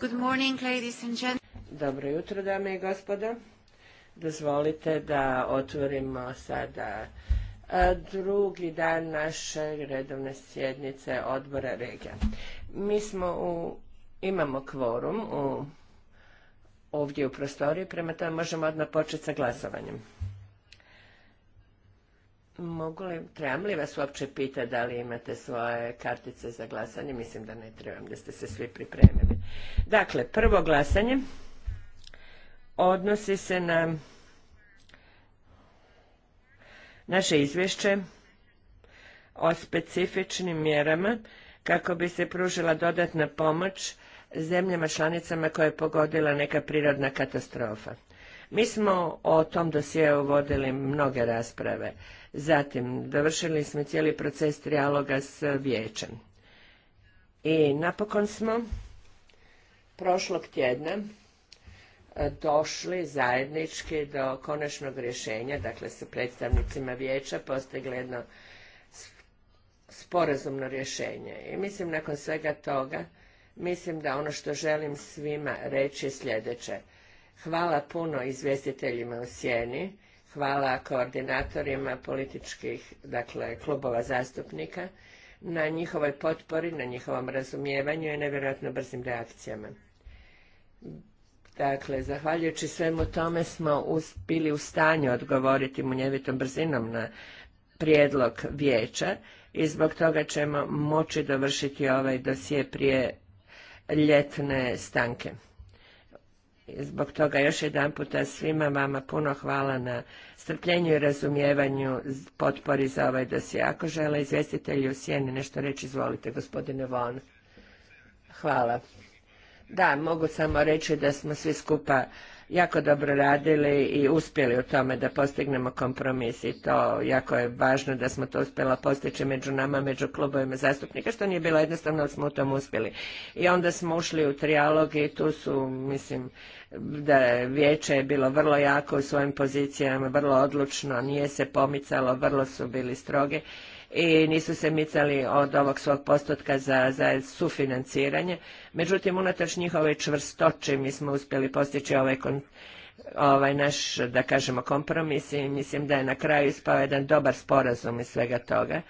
Good morning, ladies Dobro jutro, dame i gospodo. Dozvolite da otvorimo sada drugi dan naše redovne sjednice odbora regija. Mi smo u, imamo kvorum u, ovdje u prostoriji, prema tome možemo odmah početi sa glasovanjem. Mogu li, trebam li vas uopće pitati da li imate svoje kartice za glasanje? Mislim da ne trebam, da ste se svi pripremili. Dakle, prvo glasanje odnosi se na naše izvješće o specifičnim mjerama kako bi se pružila dodatna pomoć zemljama članicama koje je pogodila neka prirodna katastrofa. Mi smo o tom dosjeu vodili mnoge rasprave Zatim, dovršili smo cijeli proces trijaloga s vijećem. I napokon smo prošlog tjedna e, došli zajednički do konačnog rješenja, dakle sa predstavnicima vijeća postigli jedno sporazumno rješenje. I mislim nakon svega toga, mislim da ono što želim svima reći je sljedeće. Hvala puno izvjestiteljima u Sjeni Hvala koordinatorima političkih, dakle, klubova zastupnika na njihovoj potpori, na njihovom razumijevanju i nevjerojatno brzim reakcijama. Dakle, zahvaljujući svemu tome smo bili u stanju odgovoriti munjevitom brzinom na prijedlog vijeća i zbog toga ćemo moći dovršiti ovaj dosije prije ljetne stanke. Zbog toga još jedan puta svima vama puno hvala na strpljenju i razumijevanju potpori za ovaj dosje. Ako žele izvjestitelji u sjeni nešto reći, izvolite gospodine Von. Hvala. Da, mogu samo reći da smo svi skupa jako dobro radili i uspjeli u tome da postignemo kompromis i to jako je važno da smo to uspjela postići među nama, među klubovima zastupnika, što nije bilo jednostavno, ali smo u tom uspjeli. I onda smo ušli u trijalog i tu su, mislim, da vijeće je bilo vrlo jako u svojim pozicijama, vrlo odlučno, nije se pomicalo, vrlo su bili stroge i nisu se micali od ovog svog postotka za, sufinanciranje. Međutim, unatoč njihove čvrstoće mi smo uspjeli postići ovaj, ovaj naš, da kažemo, kompromis i mislim da je na kraju ispao jedan dobar sporazum iz svega toga.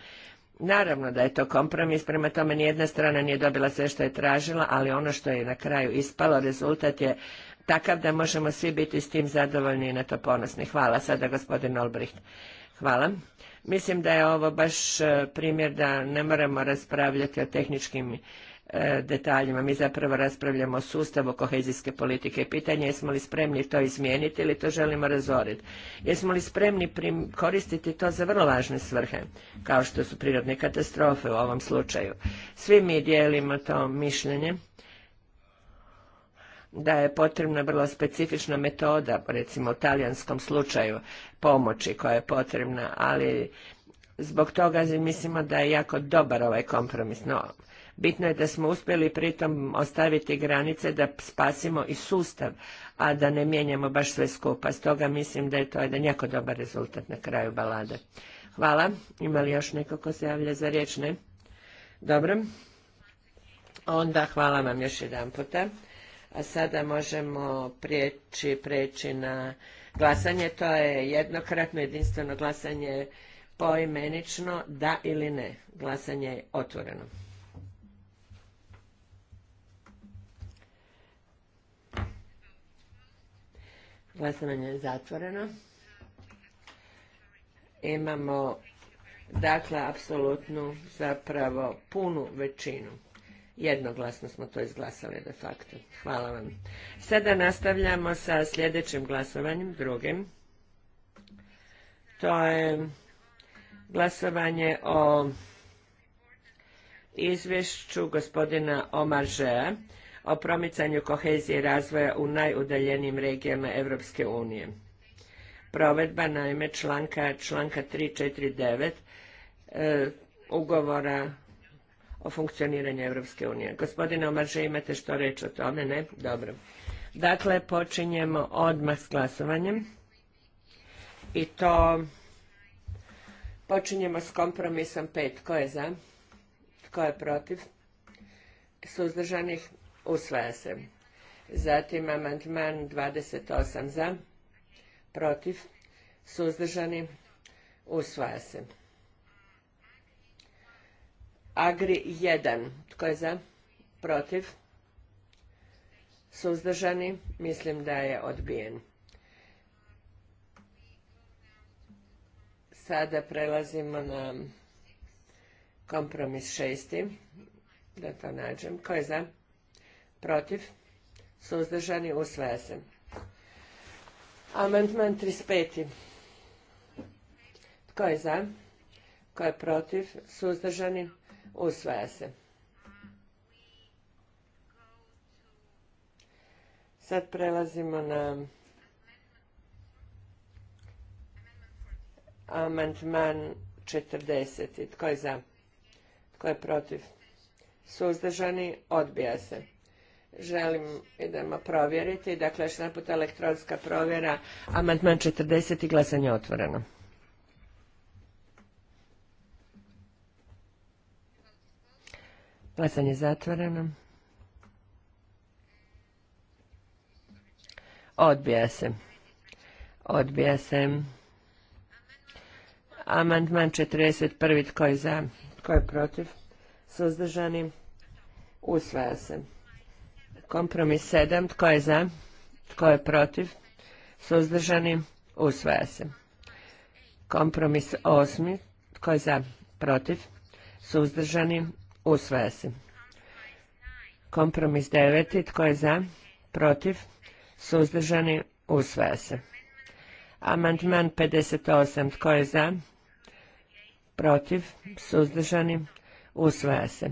Naravno da je to kompromis, prema tome nijedna strana nije dobila sve što je tražila, ali ono što je na kraju ispalo, rezultat je takav da možemo svi biti s tim zadovoljni i na to ponosni. Hvala sada gospodin Olbricht. Hvala. Mislim da je ovo baš e, primjer da ne moramo raspravljati o tehničkim e, detaljima. Mi zapravo raspravljamo o sustavu kohezijske politike. Pitanje je jesmo li spremni to izmijeniti ili to želimo razoriti. Jesmo li spremni koristiti to za vrlo važne svrhe, kao što su prirodne katastrofe u ovom slučaju. Svi mi dijelimo to mišljenje da je potrebna vrlo specifična metoda, recimo u talijanskom slučaju pomoći koja je potrebna, ali zbog toga mislimo da je jako dobar ovaj kompromis. No, bitno je da smo uspjeli pritom ostaviti granice da spasimo i sustav, a da ne mijenjamo baš sve skupa. Stoga mislim da je to jedan jako dobar rezultat na kraju balade. Hvala. Ima li još neko ko se javlja za riječ? Ne? Dobro. Onda hvala vam još jedan puta. A sada možemo prijeći, prijeći na glasanje. To je jednokratno jedinstveno glasanje poimenično, da ili ne. Glasanje je otvoreno. Glasanje je zatvoreno. Imamo dakle apsolutnu zapravo punu većinu. Jednoglasno smo to izglasali de facto. Hvala vam. Sada nastavljamo sa sljedećim glasovanjem, drugim. To je glasovanje o izvješću gospodina Omaržea o promicanju kohezije i razvoja u najudaljenijim regijama Europske unije. Provedba naime članka, članka 349 e, ugovora o funkcioniranju Europske unije. Gospodine Omarže, imate što reći o tome, ne? Dobro. Dakle, počinjemo odmah s glasovanjem. I to počinjemo s kompromisom pet. Ko je za? Tko je protiv? Suzdržanih usvaja se. Zatim amandman 28 za, protiv, suzdržani, usvaja se. Agri 1. Tko je za? Protiv? Suzdržani? Mislim da je odbijen. Sada prelazimo na kompromis šesti. Da to nađem. Tko je za? Protiv? Suzdržani? Usvaja se. Amandman 35. Tko je za? Tko je protiv? Suzdržani? Usvaja se. Sad prelazimo na amandman 40. Tko je za? Tko je protiv? Suzdržani? Odbija se. Želim, idemo provjeriti. Dakle, još naput elektronska provjera. Amandman 40. Glasanje otvoreno. Glasanje zatvoreno. Odbija se. Odbija se. Amandman 41. Tko je za? Tko je protiv? Suzdržani? Usvaja se. Kompromis 7. Tko je za? Tko je protiv? Suzdržani? Usvaja se. Kompromis 8. Tko je za? Protiv? Suzdržani? Usvaja se. Kompromis deveti. Tko je za? Protiv? Suzdržani? Usvaja se. Amandman 58. Tko je za? Protiv? Suzdržani? Usvaja se.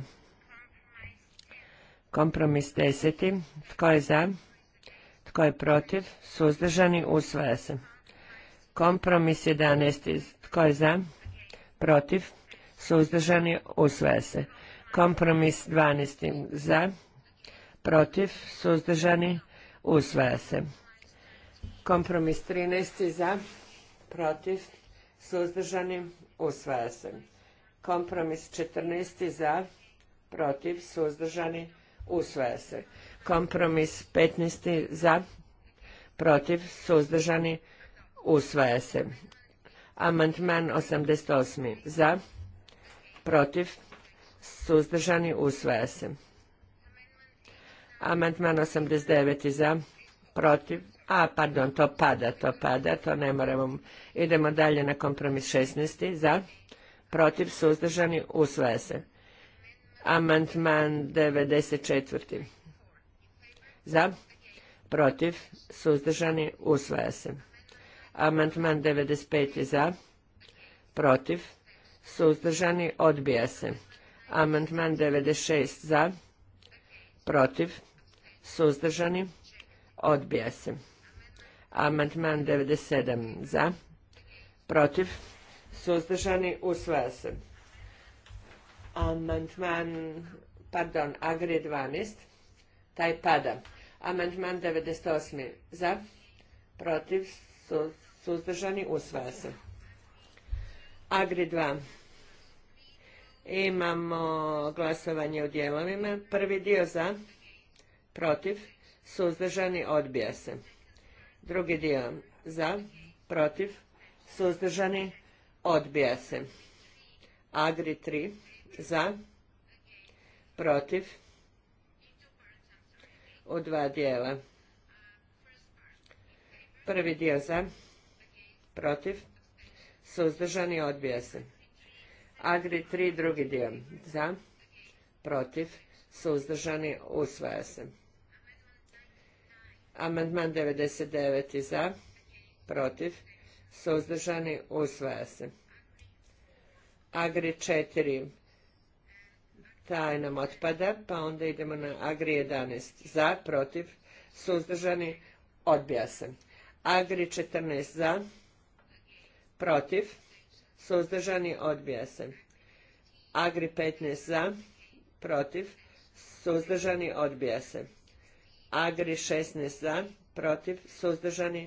Kompromis deseti. Tko je za? Tko je protiv? Suzdržani? Usvaja se. Kompromis jedanesti. Tko je za? Protiv? Suzdržani? Usvaja se. Kompromis 12. Za, protiv, suzdržani, usvaja se. Kompromis 13. Za, protiv, suzdržani, usvaja se. Kompromis 14. Za, protiv, suzdržani, usvaja se. Kompromis 15. Za, protiv, suzdržani, usvaja se. Amandman 88. Za, protiv, Suzdržani usvaja se. Amandman 89 za, protiv, a pardon, to pada, to pada, to ne moramo. Idemo dalje na kompromis 16 za, protiv, suzdržani usvaja se. Amandman 94 za, protiv, suzdržani usvaja se. Amandman 95 za, protiv, suzdržani odbija se. Amandman 96 za, protiv, suzdržani, odbija se. Amandman 97 za, protiv, suzdržani, usvaja se. Amandman, pardon, Agri 12, taj pada. Amandman 98 za, protiv, suzdržani, usvaja se. Agri 2 Imamo glasovanje u dijelovima. Prvi dio za, protiv, suzdržani, odbija se. Drugi dio za, protiv, suzdržani, odbija se. Agri 3 za, protiv, u dva dijela. Prvi dio za, protiv, suzdržani, odbija se. Agri 3, drugi dio. Za, protiv, suzdržani, usvaja se. Amandman 99. Za, protiv, suzdržani, usvaja se. Agri 4, taj nam otpada, pa onda idemo na Agri 11. Za, protiv, suzdržani, odbija se. Agri 14 za, protiv, suzdržani, odbija se. Agri 15 za, protiv, suzdržani, odbija se. Agri 16 za, protiv, suzdržani,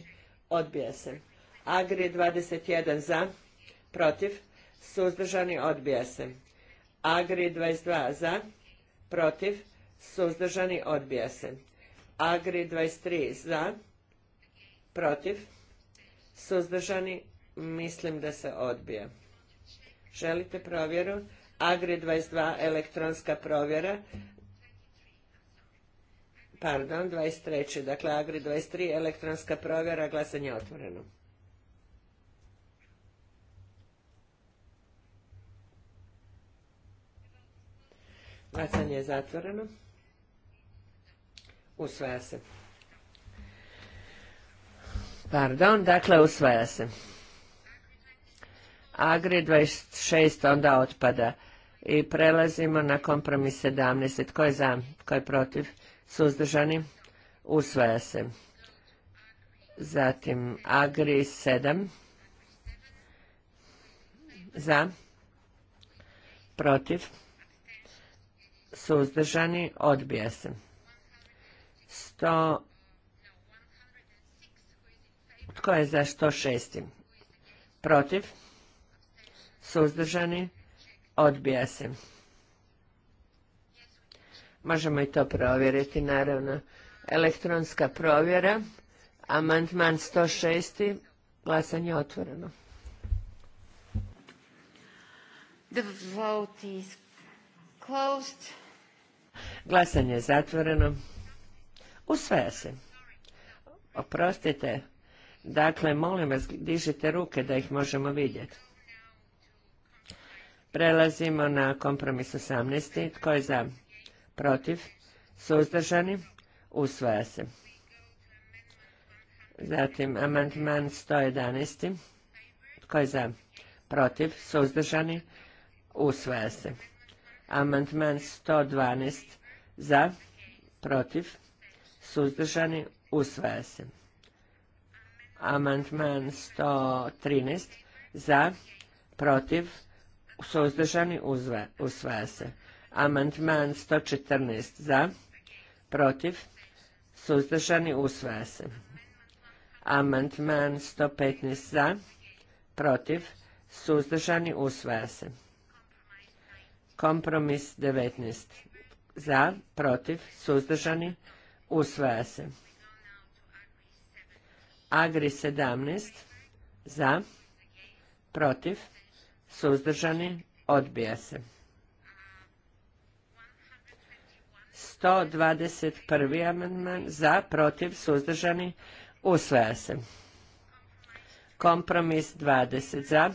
odbija se. Agri 21 za, protiv, suzdržani, odbija se. Agri 22 za, protiv, suzdržani, odbija se. Agri 23 za, protiv, suzdržani, Mislim da se odbija. Želite provjeru? Agri 22 elektronska provjera. Pardon, 23. Dakle, Agri 23 elektronska provjera, glasanje je otvoreno. Glasanje je zatvoreno. Usvaja se. Pardon, dakle usvaja se. Agri 26 onda otpada. I prelazimo na kompromis 17. Tko je za? Tko je protiv? Suzdržani? Usvaja se. Zatim Agri 7. Za? Protiv? Suzdržani? Odbija se. 100. Tko je za 106? Protiv? Suzdržani? Odbija se. Možemo i to provjeriti, naravno. Elektronska provjera. Amandman 106. Glasanje otvoreno. Glasanje je zatvoreno. Usvaja se. Oprostite. Dakle, molim vas, dižite ruke da ih možemo vidjeti. Prelazimo na kompromis 18. Tko je za? Protiv? Suzdržani? Usvaja se. Zatim amandman 111. Tko je za? Protiv? Suzdržani? Usvaja se. Amandman 112. Za? Protiv? Suzdržani? Usvaja se. Amandman 113. Za? Protiv? suzdržani usvaja se. Amandman 114 za, protiv, suzdržani usvaja se. Amandman 115 za, protiv, suzdržani usvaja se. Kompromis 19 za, protiv, suzdržani usvaja se. Agri 17 za, protiv, Suzdržani? Odbija se. 121. amandman za, protiv, suzdržani, usvaja se. Kompromis 20 za,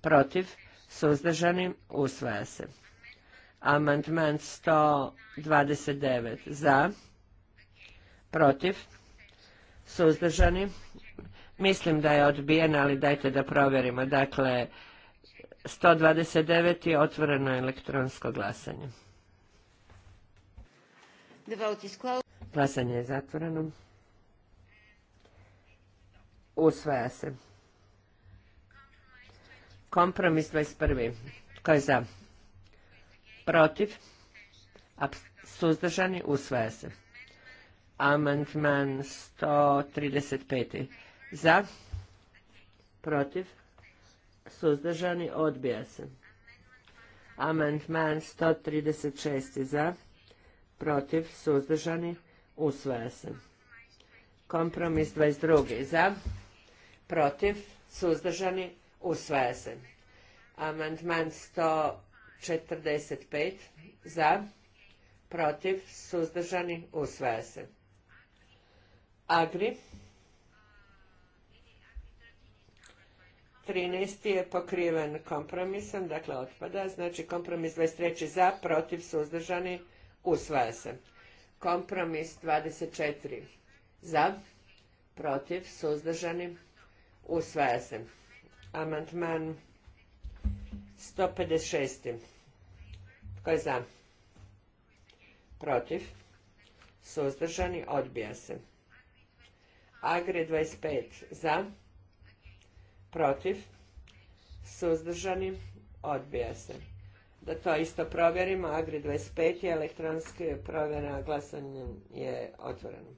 protiv, suzdržani, usvaja se. Amandman 129 za, protiv, suzdržani. Mislim da je odbijen, ali dajte da provjerimo. Dakle, 129. je otvoreno elektronsko glasanje. Glasanje je zatvoreno. Usvaja se. Kompromis 21. Tko je za? Protiv? Suzdržani? Usvaja se. Amandman 135. Za? Protiv? suzdržani, odbija se. Amandman 136. za, protiv, suzdržani, usvaja se. Kompromis 22. za, protiv, suzdržani, usvaja se. Amandman 145. za, protiv, suzdržani, usvaja se. Agri 13. je pokriven kompromisom, dakle otpada, znači kompromis 23. za, protiv, suzdržani, usvaja se. Kompromis 24. za, protiv, suzdržani, usvaja se. Amantman 156. Tko je za? Protiv, suzdržani, odbija se. Agri 25. za, protiv, suzdržani, odbija se. Da to isto provjerimo, Agri 25 je elektronski provjera, glasanje je otvoreno.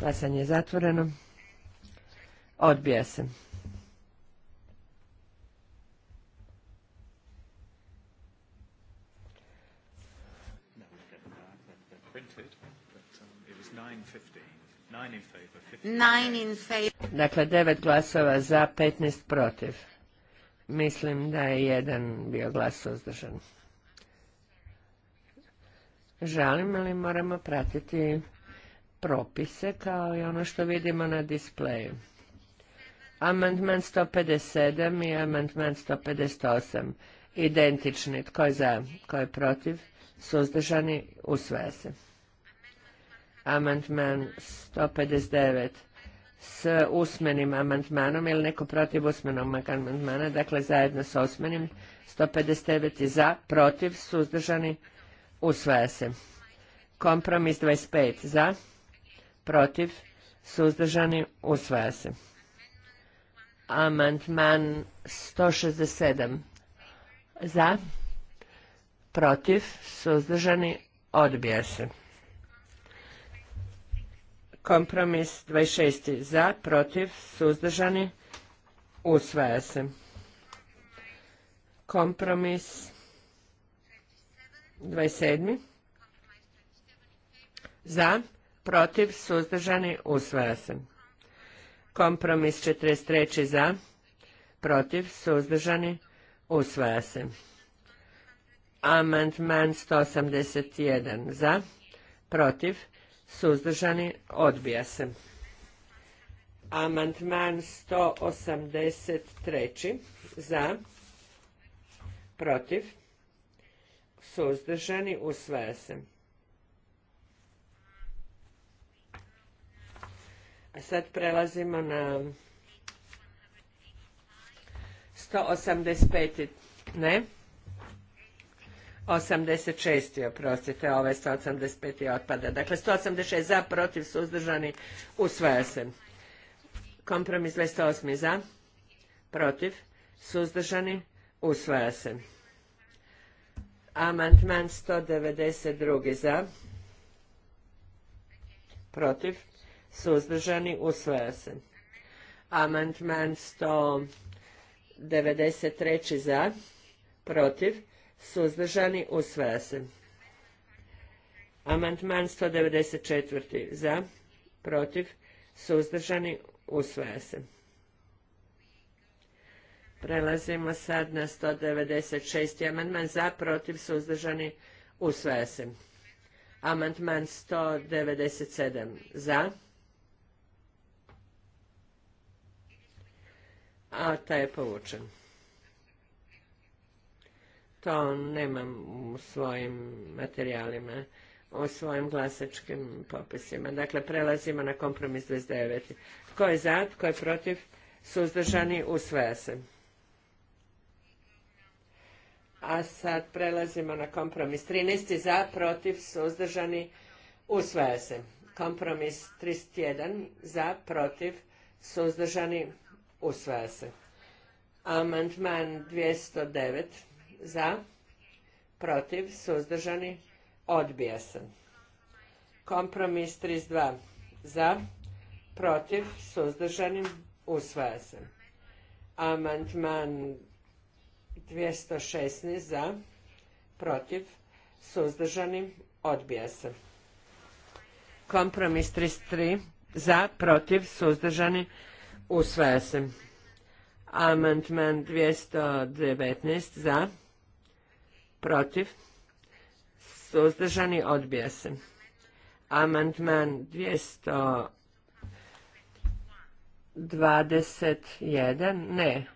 Glasanje je zatvoreno. Odbija se. Dakle, devet glasova za, 15 protiv. Mislim da je jedan bio glas suzdržan. Žalim, ali moramo pratiti propise kao i ono što vidimo na displeju. Amandman 157 i amandman 158. Identični. Tko je za? Tko je protiv? Suzdržani? Usvaja se amandman 159 s usmenim amandmanom ili neko protiv usmenog amandmana, dakle zajedno s osmenim, 159 i za, protiv, suzdržani, usvaja se. Kompromis 25 za, protiv, suzdržani, usvaja se. Amandman 167 za, protiv, suzdržani, odbija se. Kompromis 26. Za, protiv, suzdržani, usvaja se. Kompromis 27. Za, protiv, suzdržani, usvaja se. Kompromis 43. Za, protiv, suzdržani, usvaja se. Amandman 181. Za, protiv, Suzdržani? Odbija se. Amandman 183. Za? Protiv? Suzdržani? Usvaja se. A sad prelazimo na 185. Ne? 86. oprostite, ovaj 185. otpada. Dakle, 186 za, protiv, suzdržani, usvaja se. Kompromis 208. za, protiv, suzdržani, usvaja se. Amandman 192. za, protiv, suzdržani, usvaja se. Amandman 193. za, protiv, suzdržani, usvaja se. Amandman 194. za, protiv, suzdržani, usvaja se. Prelazimo sad na 196. amandman za, protiv, suzdržani, usvaja se. Amandman 197 za. A taj je povučen to nemam u svojim materijalima, u svojim glasačkim popisima. Dakle, prelazimo na kompromis 29. Tko je za, tko je protiv, suzdržani, usvaja se. A sad prelazimo na kompromis 13. Za, protiv, suzdržani, usvaja se. Kompromis 31. Za, protiv, suzdržani, usvaja se. Amandman 209 za, protiv, suzdržani, odbija se. Kompromis 32 za, protiv, suzdržani, usvaja se. Amandman 216 za, protiv, suzdržani, odbija se. Kompromis 33 za, protiv, suzdržani, usvaja se. Amandman 219 za, protiv, suzdržani, odbija se. Amandman 221, ne,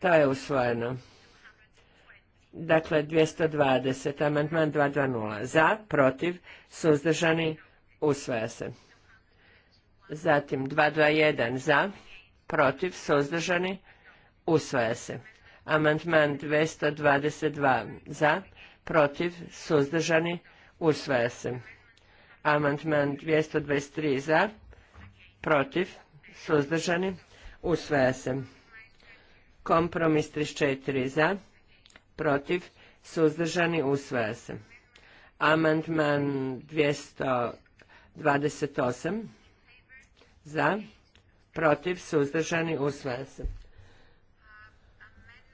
to je usvojeno. Dakle, 220, amandman 220, za, protiv, suzdržani, usvaja se. Zatim 221, za, protiv, suzdržani, usvaja se. Amandman 222 za, protiv, suzdržani, usvaja se. Amandman 223 za, protiv, suzdržani, usvaja se. Kompromis 34 za, protiv, suzdržani, usvaja se. Amandman 228 za, protiv, suzdržani, usvaja se.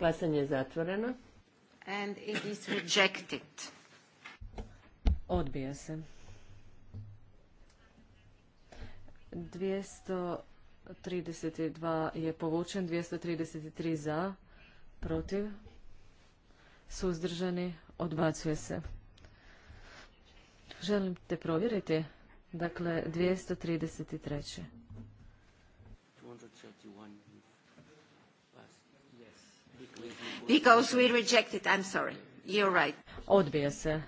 Glasanje je zatvoreno. And it is rejected. Odbija se. 232 je povučen, 233 za, protiv, suzdržani, odbacuje se. Želim te provjeriti. Dakle, 233. 231. Because we rejected, I'm sorry. You're right. Odbija se.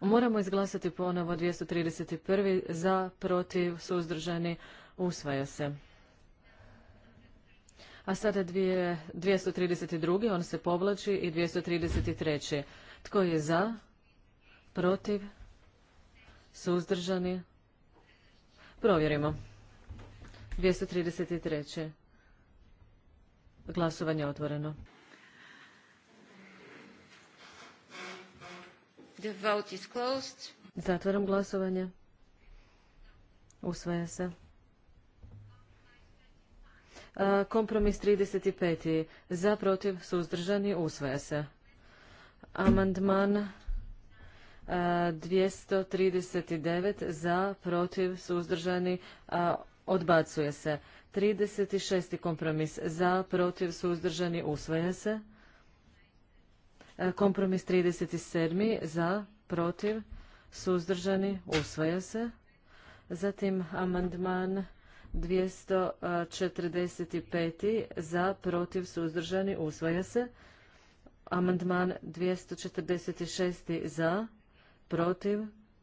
Moramo izglasati ponovo 231. za, protiv, suzdržani, usvaja se. A sada 232. on se povlači i 233. Tko je za, protiv, suzdržani? Provjerimo. 233. Glasovanje je otvoreno. The Zatvaram glasovanje. Usvaja se. Kompromis 35. Za, protiv, suzdržani, usvaja se. Amandman 239. Za, protiv, suzdržani, odbacuje se. 36. kompromis za, protiv, suzdržani, usvaja se. E, kompromis 37. za, protiv, suzdržani, usvaja se. Zatim amandman 245. za, protiv, suzdržani, usvaja se. Amandman 246. za, protiv,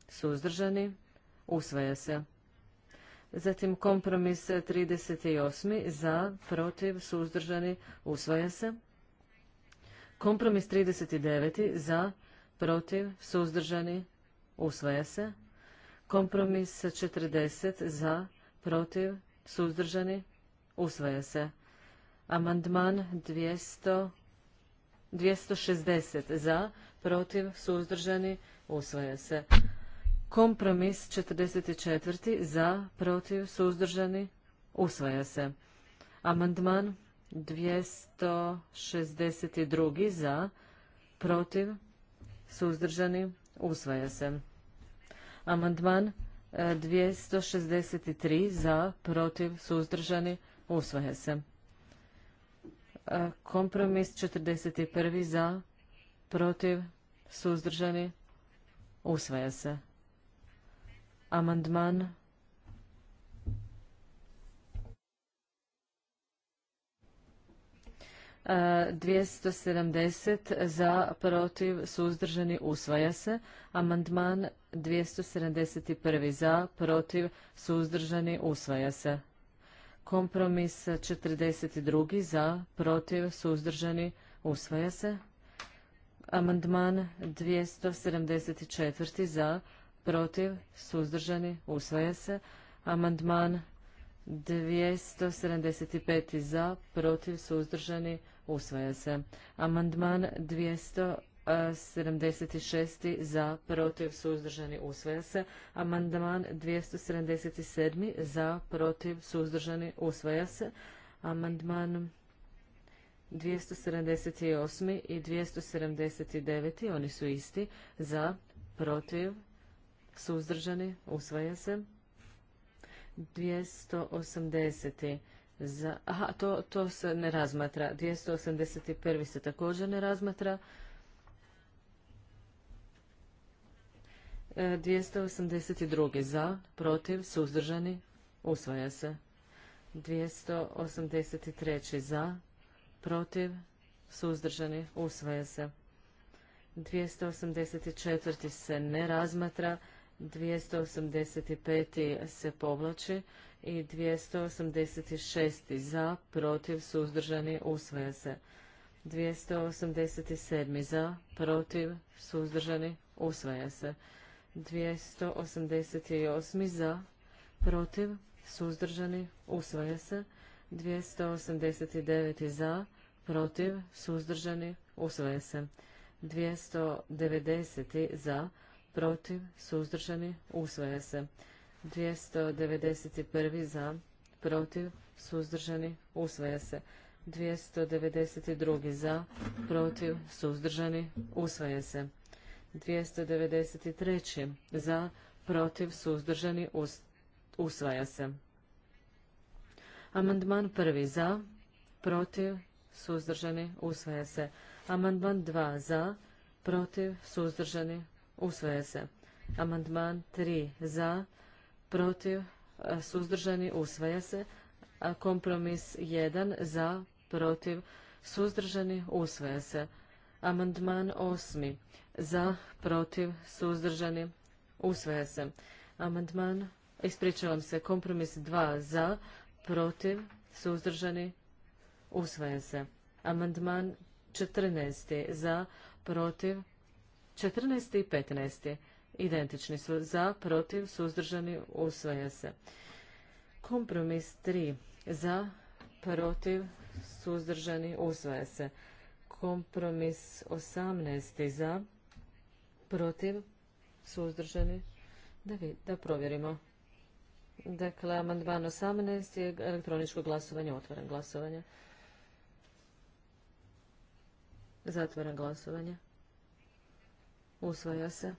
suzdržani, usvaja se. Zatim kompromis 38. za, protiv, suzdržani, usvaja se. Kompromis 39. za, protiv, suzdržani, usvaja se. Kompromis 40. za, protiv, suzdržani, usvaja se. Amandman 260 za, protiv, suzdržani, usvaja se. Kompromis 44. za, protiv, suzdržani, usvaja se. Amandman 262. za, protiv, suzdržani, usvaja se. Amandman 263. E, za, protiv, suzdržani, usvaja se. E, kompromis 41. za, protiv, suzdržani, usvaja se. Amandman. 270 e, za, protiv, suzdržani, usvaja se. Amandman 271 za, protiv, suzdržani, usvaja se. Kompromis 42 za, protiv, suzdržani, usvaja se. Amandman 274 za, protiv, suzdržani, usvaja se. Amandman 275. za, protiv, suzdržani, usvaja se. Amandman 276. za, protiv, suzdržani, usvaja se. Amandman 277. za, protiv, suzdržani, usvaja se. Amandman 278. i 279. oni su isti, za, protiv, suzdržani, usvaja se. 280. Za, aha, to, to se ne razmatra. 281. se također ne razmatra. 282. E, za, protiv, suzdržani, usvaja se. 283. za, protiv, suzdržani, usvaja se. 284. se ne razmatra. 285. se povlači i 286. za, protiv, suzdržani, usvaja se. 287. za, protiv, suzdržani, usvaja se. 288. za, protiv, suzdržani, usvaja se. 289. za, protiv, suzdržani, usvaja se. 290. za, protiv, suzdržani, usvaja se. 291. za, protiv, suzdržani, usvaja se. 292. za, protiv, suzdržani, usvaja se. 293. za, protiv, suzdržani, usvaja se. Amandman prvi za, protiv, suzdržani, usvaja se. Amandman 2 za, protiv, suzdržani, Usvaja se. Amandman 3 za, protiv, e, suzdržani, usvaja se. Kompromis 1 za, protiv, suzdržani, usvaja se. Amandman 8 za, protiv, suzdržani, usvaja se. Amandman, ispričavam se, kompromis 2 za, protiv, suzdržani, usvaja se. Amandman 14 za, protiv, 14. i 15. Identični su za, protiv, suzdržani, usvaja se. Kompromis 3. Za, protiv, suzdržani, usvaja se. Kompromis 18. Za, protiv, suzdržani, da, da provjerimo. Dakle, amandman 18 je elektroničko glasovanje, otvoren glasovanje. Zatvoren glasovanje. Usvaja se.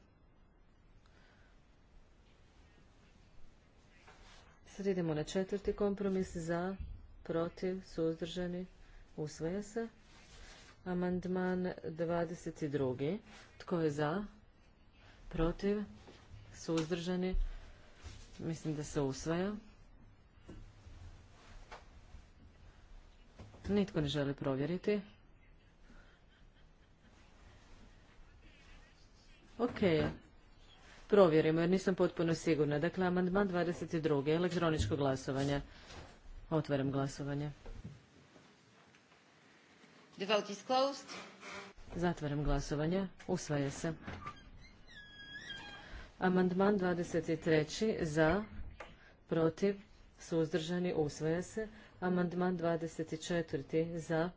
Sad idemo na četvrti kompromis za, protiv, suzdržani, usvaja se. Amandman 22. Tko je za, protiv, suzdržani, mislim da se usvaja. Nitko ne želi provjeriti. Ok. Provjerimo jer nisam potpuno sigurna. Dakle, amandman 22. Elektroničko glasovanje. Otvaram glasovanje. The vote is closed. Zatvaram glasovanje. Usvaja se. Amandman 23. Za. Protiv. Suzdržani. Usvaja se. Amandman 24. Za.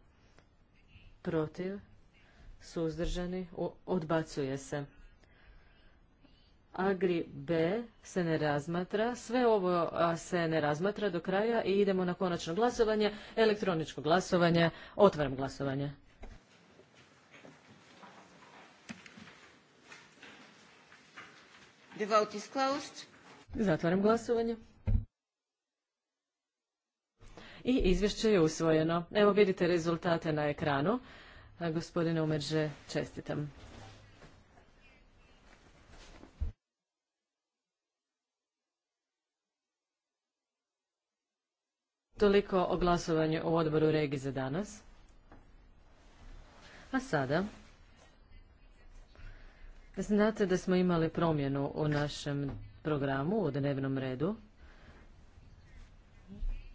Protiv. Suzdržani. Odbacuje se. Agri B se ne razmatra, sve ovo se ne razmatra do kraja i idemo na konačno glasovanje, elektroničko glasovanje, otvaram glasovanje. The vote is closed. Zatvaram glasovanje. I izvješće je usvojeno. Evo vidite rezultate na ekranu. Gospodine Umerže, čestitam. Toliko o glasovanju u odboru regi za danas. A sada, znate da smo imali promjenu u našem programu, u dnevnom redu.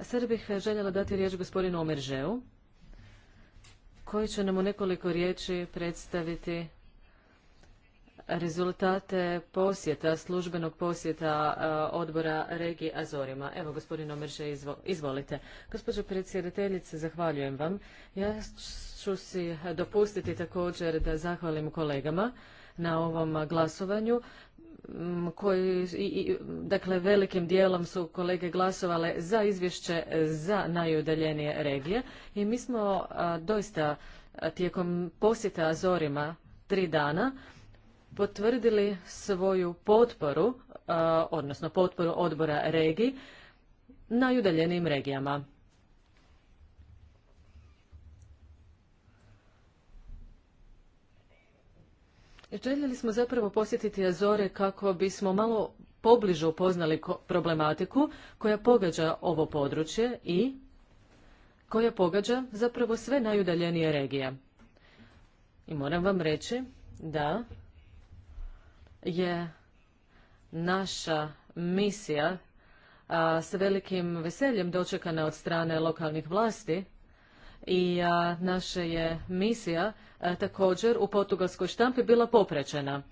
Sada bih željela dati riječ gospodinu Omeržeu, koji će nam u nekoliko riječi predstaviti rezultate posjeta, službenog posjeta e, odbora regije Azorima. Evo, gospodin Omerše, izvolite. Gospođo predsjedateljice, zahvaljujem vam. Ja ću si dopustiti također da zahvalim kolegama na ovom glasovanju koji, i, dakle, velikim dijelom su kolege glasovale za izvješće za najudaljenije regije i mi smo doista tijekom posjeta Azorima tri dana potvrdili svoju potporu, e, odnosno potporu odbora regiji na udaljenim regijama. Željeli smo zapravo posjetiti Azore kako bismo malo pobliže upoznali problematiku koja pogađa ovo područje i koja pogađa zapravo sve najudaljenije regije. I moram vam reći da je naša misija a, s velikim veseljem dočekana od strane lokalnih vlasti i a, naša je misija također u portugalskoj štampi bila poprečena.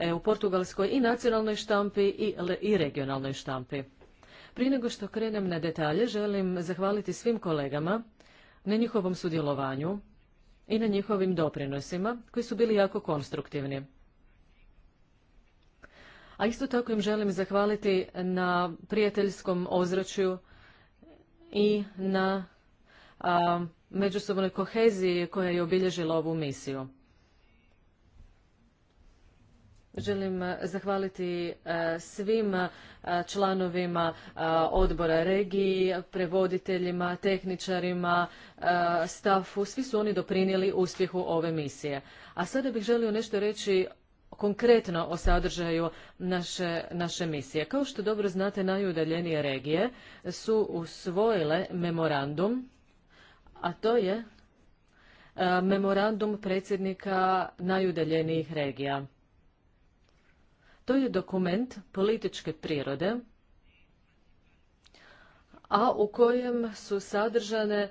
E, u portugalskoj i nacionalnoj štampi i, i regionalnoj štampi. Prije nego što krenem na detalje, želim zahvaliti svim kolegama na njihovom sudjelovanju i na njihovim doprinosima koji su bili jako konstruktivni. A isto tako im želim zahvaliti na prijateljskom ozračju i na međusobnoj koheziji koja je obilježila ovu misiju. Želim zahvaliti svim članovima odbora regiji, prevoditeljima, tehničarima, stafu. Svi su oni doprinijeli uspjehu ove misije. A sada bih želio nešto reći konkretno o sadržaju naše, naše misije. Kao što dobro znate, najudaljenije regije su usvojile memorandum, a to je e, memorandum predsjednika najudaljenijih regija. To je dokument političke prirode, a u kojem su sadržane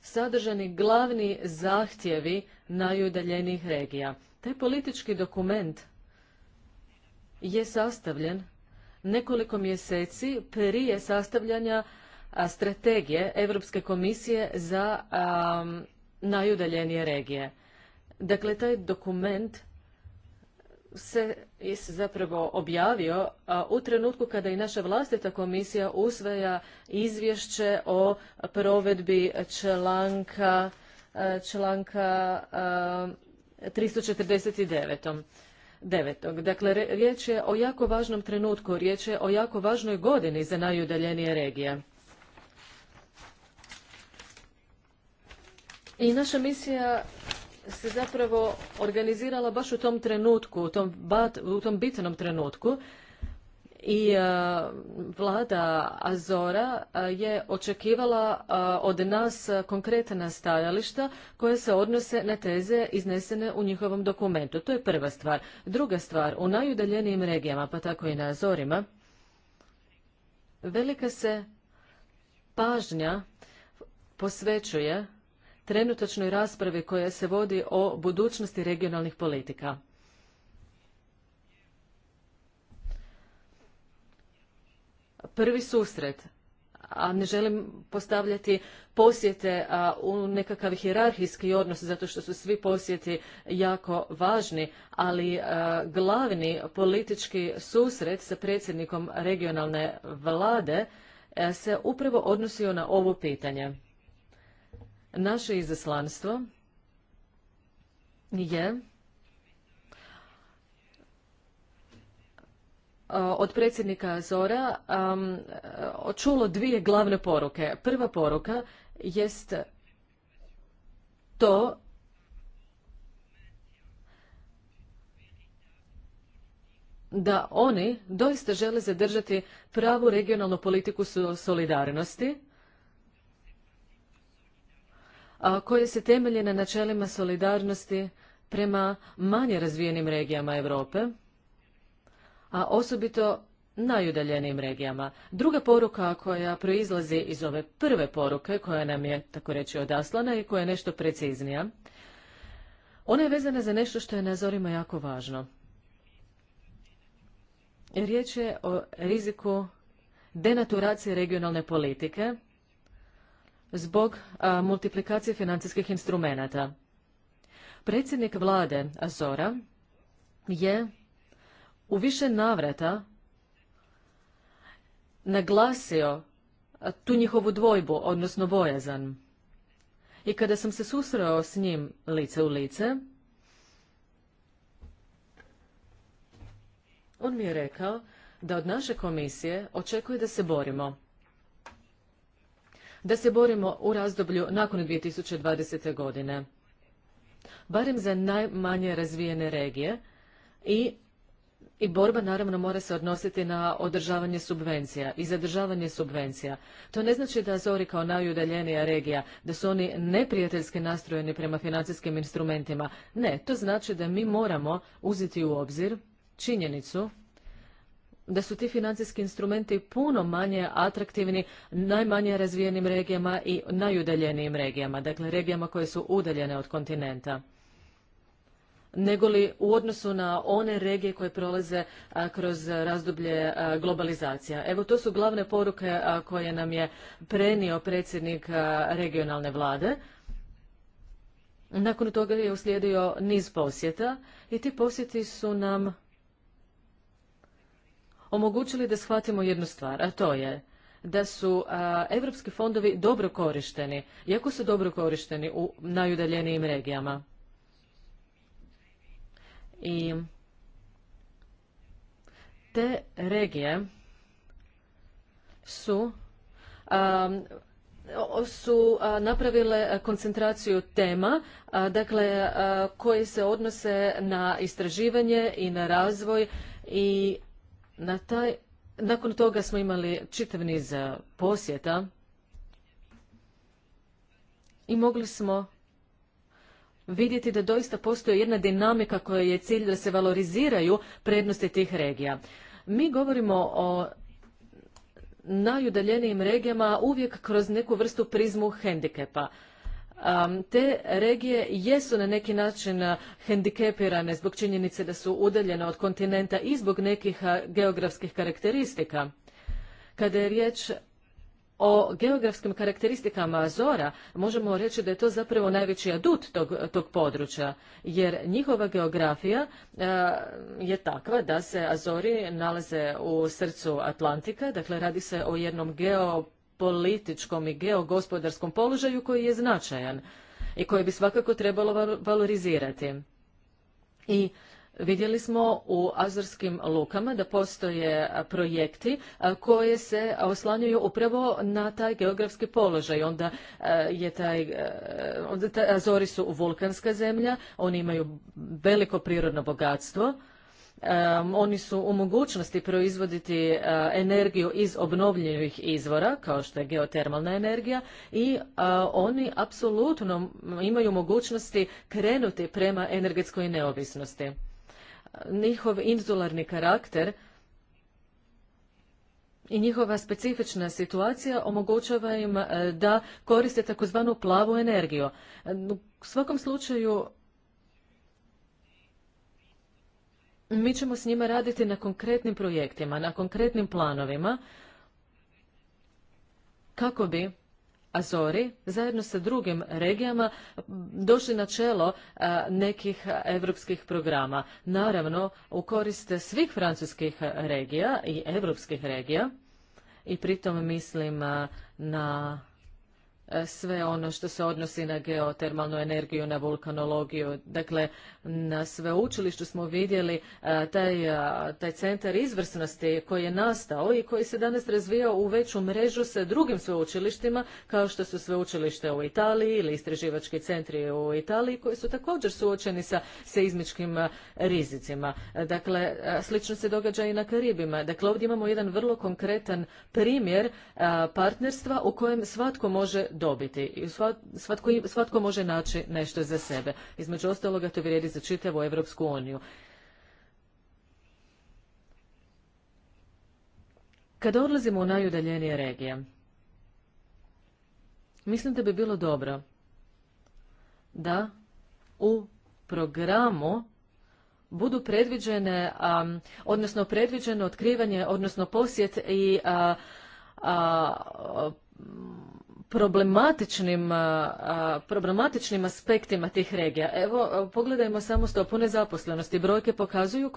sadržani glavni zahtjevi najudaljenijih regija. Taj politički dokument je sastavljen nekoliko mjeseci prije sastavljanja strategije Europske komisije za najudaljenije regije. Dakle, taj dokument se je zapravo objavio u trenutku kada i naša vlastita komisija usvaja izvješće o provedbi članka članka 349. Dakle, riječ je o jako važnom trenutku, riječ je o jako važnoj godini za najudaljenije regije. I naša misija se zapravo organizirala baš u tom trenutku, u tom, u tom bitnom trenutku, i e, vlada Azora e, je očekivala e, od nas konkretna stajališta koje se odnose na teze iznesene u njihovom dokumentu. To je prva stvar. Druga stvar, u najudaljenijim regijama, pa tako i na Azorima, velika se pažnja posvećuje trenutačnoj raspravi koja se vodi o budućnosti regionalnih politika. prvi susret, a ne želim postavljati posjete u nekakav hijerarhijski odnos zato što su svi posjeti jako važni, ali glavni politički susret sa predsjednikom regionalne vlade e, se upravo odnosio na ovo pitanje. Naše izaslanstvo je od predsjednika Zora čulo dvije glavne poruke. Prva poruka jest to da oni doista žele zadržati pravu regionalnu politiku solidarnosti koje se temelje na načelima solidarnosti prema manje razvijenim regijama Europe a osobito najudaljenijim regijama. Druga poruka koja proizlazi iz ove prve poruke koja nam je, tako reći, odaslana i koja je nešto preciznija, ona je vezana za nešto što je na jako važno. Riječ je o riziku denaturacije regionalne politike zbog multiplikacije financijskih instrumenata. Predsjednik vlade Azora je u više navrata naglasio tu njihovu dvojbu, odnosno bojazan. I kada sam se susreo s njim lice u lice, on mi je rekao da od naše komisije očekuje da se borimo. Da se borimo u razdoblju nakon 2020. godine. Barem za najmanje razvijene regije i i borba naravno mora se odnositi na održavanje subvencija i zadržavanje subvencija. To ne znači da Azori kao najudaljenija regija, da su oni neprijateljski nastrojeni prema financijskim instrumentima. Ne, to znači da mi moramo uzeti u obzir činjenicu da su ti financijski instrumenti puno manje atraktivni najmanje razvijenim regijama i najudaljenijim regijama, dakle regijama koje su udaljene od kontinenta nego li u odnosu na one regije koje prolaze kroz razdoblje globalizacija. Evo, to su glavne poruke koje nam je prenio predsjednik regionalne vlade. Nakon toga je uslijedio niz posjeta i ti posjeti su nam omogućili da shvatimo jednu stvar, a to je da su europski fondovi dobro korišteni, jako su dobro korišteni u najudaljenijim regijama. I te regije su um, su napravile koncentraciju tema, dakle, koji se odnose na istraživanje i na razvoj i na taj, nakon toga smo imali čitav niz posjeta i mogli smo vidjeti da doista postoji jedna dinamika koja je cilj da se valoriziraju prednosti tih regija. Mi govorimo o najudaljenijim regijama uvijek kroz neku vrstu prizmu hendikepa. te regije jesu na neki način hendikepirane zbog činjenice da su udaljene od kontinenta i zbog nekih geografskih karakteristika. Kada je riječ o geografskim karakteristikama Azora možemo reći da je to zapravo najveći adut tog, tog područja, jer njihova geografija e, je takva da se Azori nalaze u srcu Atlantika, dakle radi se o jednom geopolitičkom i geogospodarskom položaju koji je značajan i koji bi svakako trebalo valorizirati. I Vidjeli smo u azorskim lukama da postoje projekti koje se oslanjuju upravo na taj geografski položaj. Onda je taj, onda Azori su vulkanska zemlja, oni imaju veliko prirodno bogatstvo. oni su u mogućnosti proizvoditi energiju iz obnovljivih izvora, kao što je geotermalna energija, i oni apsolutno imaju mogućnosti krenuti prema energetskoj neovisnosti njihov inzularni karakter i njihova specifična situacija omogućava im e, da koriste takozvanu plavu energiju. U svakom slučaju, mi ćemo s njima raditi na konkretnim projektima, na konkretnim planovima, kako bi Azori zajedno sa drugim regijama došli na čelo nekih europskih programa. Naravno, u korist svih francuskih regija i europskih regija i pritom mislim na E, sve ono što se odnosi na geotermalnu energiju, na vulkanologiju. Dakle, na sveučilištu smo vidjeli e, e, taj, centar izvrsnosti koji je nastao i koji se danas razvijao u veću mrežu sa drugim sveučilištima, kao što su sveučilište u Italiji ili istraživački centri u Italiji, koji su također suočeni sa seizmičkim rizicima. Dakle, slično se događa i na Karibima. Dakle, ovdje imamo jedan vrlo konkretan primjer partnerstva u kojem svatko može dobiti. I svatko, svatko može naći nešto za sebe. Između ostaloga to vrijedi za čitavu Evropsku uniju. Kada odlazimo u najudaljenije regije, mislim da bi bilo dobro da u programu budu predviđene, odnosno predviđeno otkrivanje, odnosno posjet i problematičnim, problematičnim aspektima tih regija. Evo, pogledajmo samo stopu nezaposlenosti. Brojke pokazuju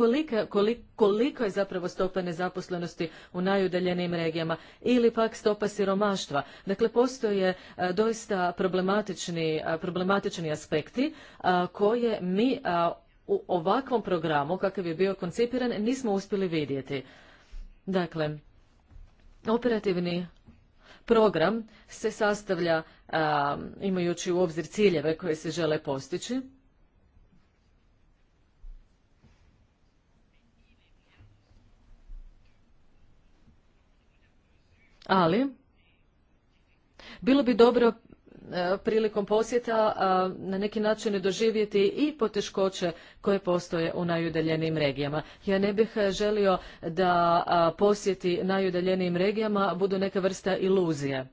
koliko je zapravo stopa nezaposlenosti u najudaljenijim regijama ili pak stopa siromaštva. Dakle, postoje doista problematični, problematični aspekti koje mi u ovakvom programu, kakav je bio koncipiran, nismo uspjeli vidjeti. Dakle, operativni Program se sastavlja imajući u obzir ciljeve koje se žele postići. Ali bilo bi dobro E, prilikom posjeta na neki način doživjeti i poteškoće koje postoje u najudaljenijim regijama. Ja ne bih e, želio da posjeti najudaljenijim regijama budu neka vrsta iluzije.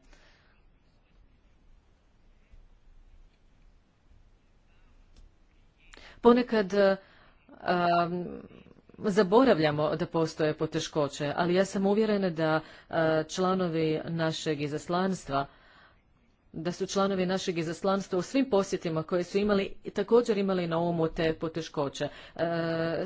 Ponekad e, zaboravljamo da postoje poteškoće, ali ja sam uvjerena da članovi našeg izaslanstva da su članovi našeg izaslanstva u svim posjetima koje su imali također imali na umu te poteškoće. E,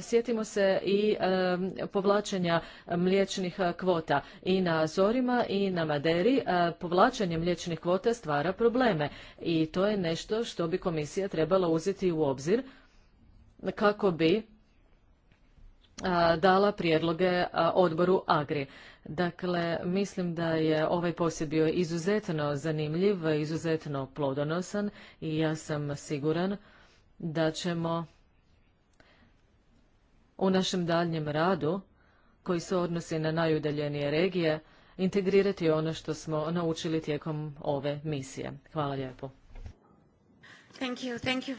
sjetimo se i e, povlačenja mliječnih kvota i na Azorima i na Maderi. E, povlačenje mliječnih kvota stvara probleme i to je nešto što bi komisija trebala uzeti u obzir kako bi dala prijedloge odboru Agri. Dakle, mislim da je ovaj posjet bio izuzetno zanimljiv, izuzetno plodonosan i ja sam siguran da ćemo u našem daljnjem radu, koji se odnosi na najudaljenije regije, integrirati ono što smo naučili tijekom ove misije. Hvala lijepo. Thank you, thank you.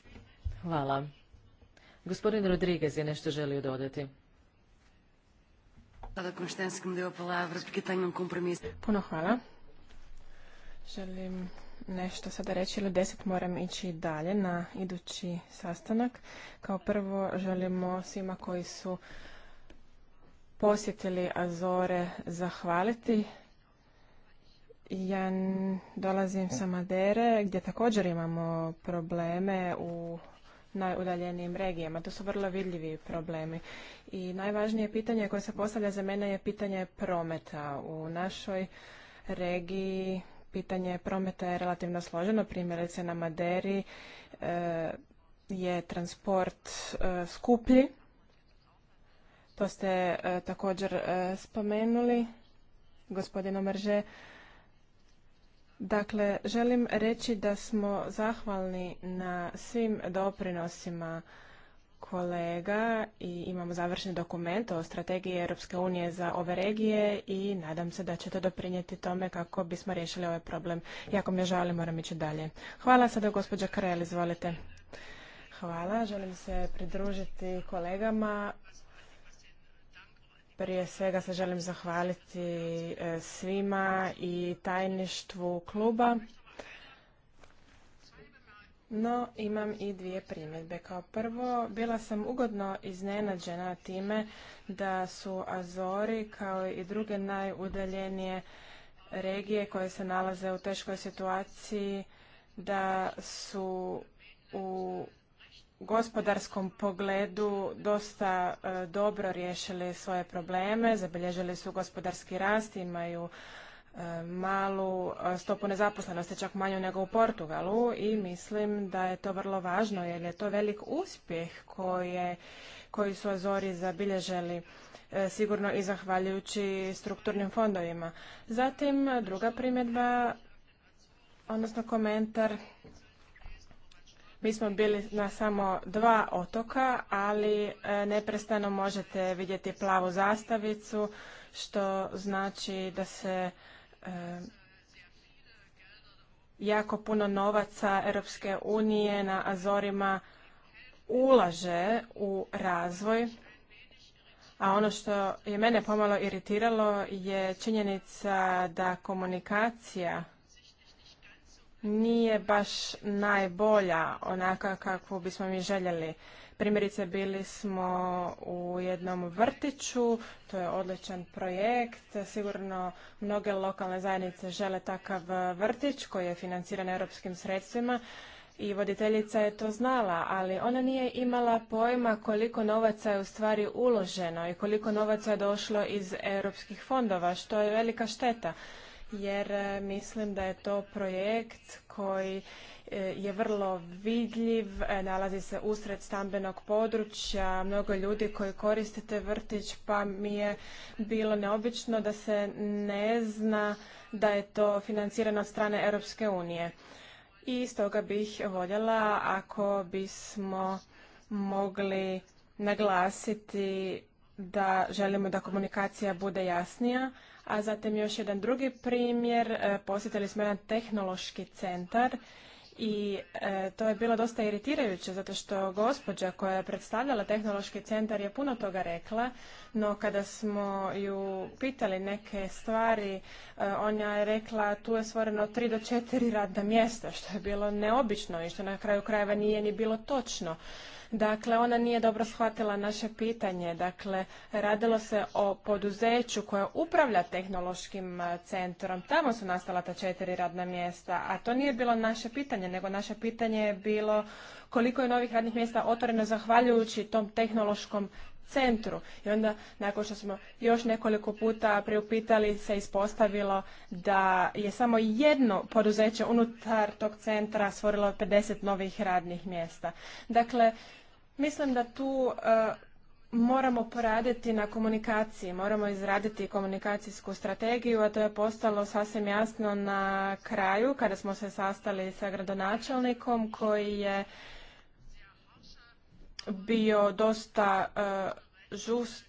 Hvala. Gospodin Rodriguez je nešto želio dodati. Um Puno hvala. Želim nešto sada reći, ili deset moram ići dalje na idući sastanak. Kao prvo želimo svima koji su posjetili Azore zahvaliti. Ja dolazim sa Madere gdje također imamo probleme u najudaljenijim regijama. To su vrlo vidljivi problemi. I najvažnije pitanje koje se postavlja za mene je pitanje prometa. U našoj regiji pitanje prometa je relativno složeno. Primjerice na Maderi e, je transport e, skuplji. To ste e, također spomenuli. Mrže. Marže. Dakle, želim reći da smo zahvalni na svim doprinosima kolega i imamo završni dokument o strategiji Europske unije za ove regije i nadam se da će to doprinijeti tome kako bismo riješili ovaj problem. Jako mi je žali, moram ići dalje. Hvala sada gospođa Karel, izvolite. Hvala, želim se pridružiti kolegama prije svega se želim zahvaliti e, svima i tajništvu kluba. No, imam i dvije primjedbe. Kao prvo, bila sam ugodno iznenađena time da su Azori kao i druge najudaljenije regije koje se nalaze u teškoj situaciji da su u gospodarskom pogledu dosta e, dobro riješili svoje probleme, zabilježili su gospodarski rast, imaju e, malu e, stopu nezaposlenosti, čak manju nego u Portugalu i mislim da je to vrlo važno jer je to velik uspjeh koje, koji su Azori zabilježili sigurno i zahvaljujući strukturnim fondovima. Zatim druga primjedba, odnosno komentar mi smo bili na samo dva otoka, ali e, neprestano možete vidjeti plavu zastavicu, što znači da se e, jako puno novaca Europske unije na Azorima ulaže u razvoj. A ono što je mene pomalo iritiralo je činjenica da komunikacija nije baš najbolja onaka kakvu bismo mi željeli. Primjerice bili smo u jednom vrtiću, to je odličan projekt, sigurno mnoge lokalne zajednice žele takav vrtić koji je financiran europskim sredstvima i voditeljica je to znala, ali ona nije imala pojma koliko novaca je u stvari uloženo i koliko novaca je došlo iz europskih fondova, što je velika šteta jer e, mislim da je to projekt koji e, je vrlo vidljiv, e, nalazi se usred stambenog područja, mnogo ljudi koji koristite vrtić, pa mi je bilo neobično da se ne zna da je to financirano od strane Europske unije. I stoga bih voljela ako bismo mogli naglasiti da želimo da komunikacija bude jasnija a zatim još jedan drugi primjer, e, posjetili smo jedan tehnološki centar i e, to je bilo dosta iritirajuće zato što gospođa koja je predstavljala tehnološki centar je puno toga rekla, no kada smo ju pitali neke stvari, e, ona je rekla tu je stvoreno tri do četiri radna mjesta, što je bilo neobično i što na kraju krajeva nije ni bilo točno. Dakle, ona nije dobro shvatila naše pitanje. Dakle, radilo se o poduzeću koja upravlja tehnološkim e, centrom. Tamo su nastala ta četiri radna mjesta, a to nije bilo naše pitanje, nego naše pitanje je bilo koliko je novih radnih mjesta otvoreno zahvaljujući tom tehnološkom centru. I onda nakon što smo još nekoliko puta priupitali se ispostavilo da je samo jedno poduzeće unutar tog centra stvorilo 50 novih radnih mjesta. Dakle, mislim da tu eh, moramo poraditi na komunikaciji, moramo izraditi komunikacijsku strategiju, a to je postalo sasvim jasno na kraju kada smo se sastali sa gradonačelnikom koji je bio dosta e, žust,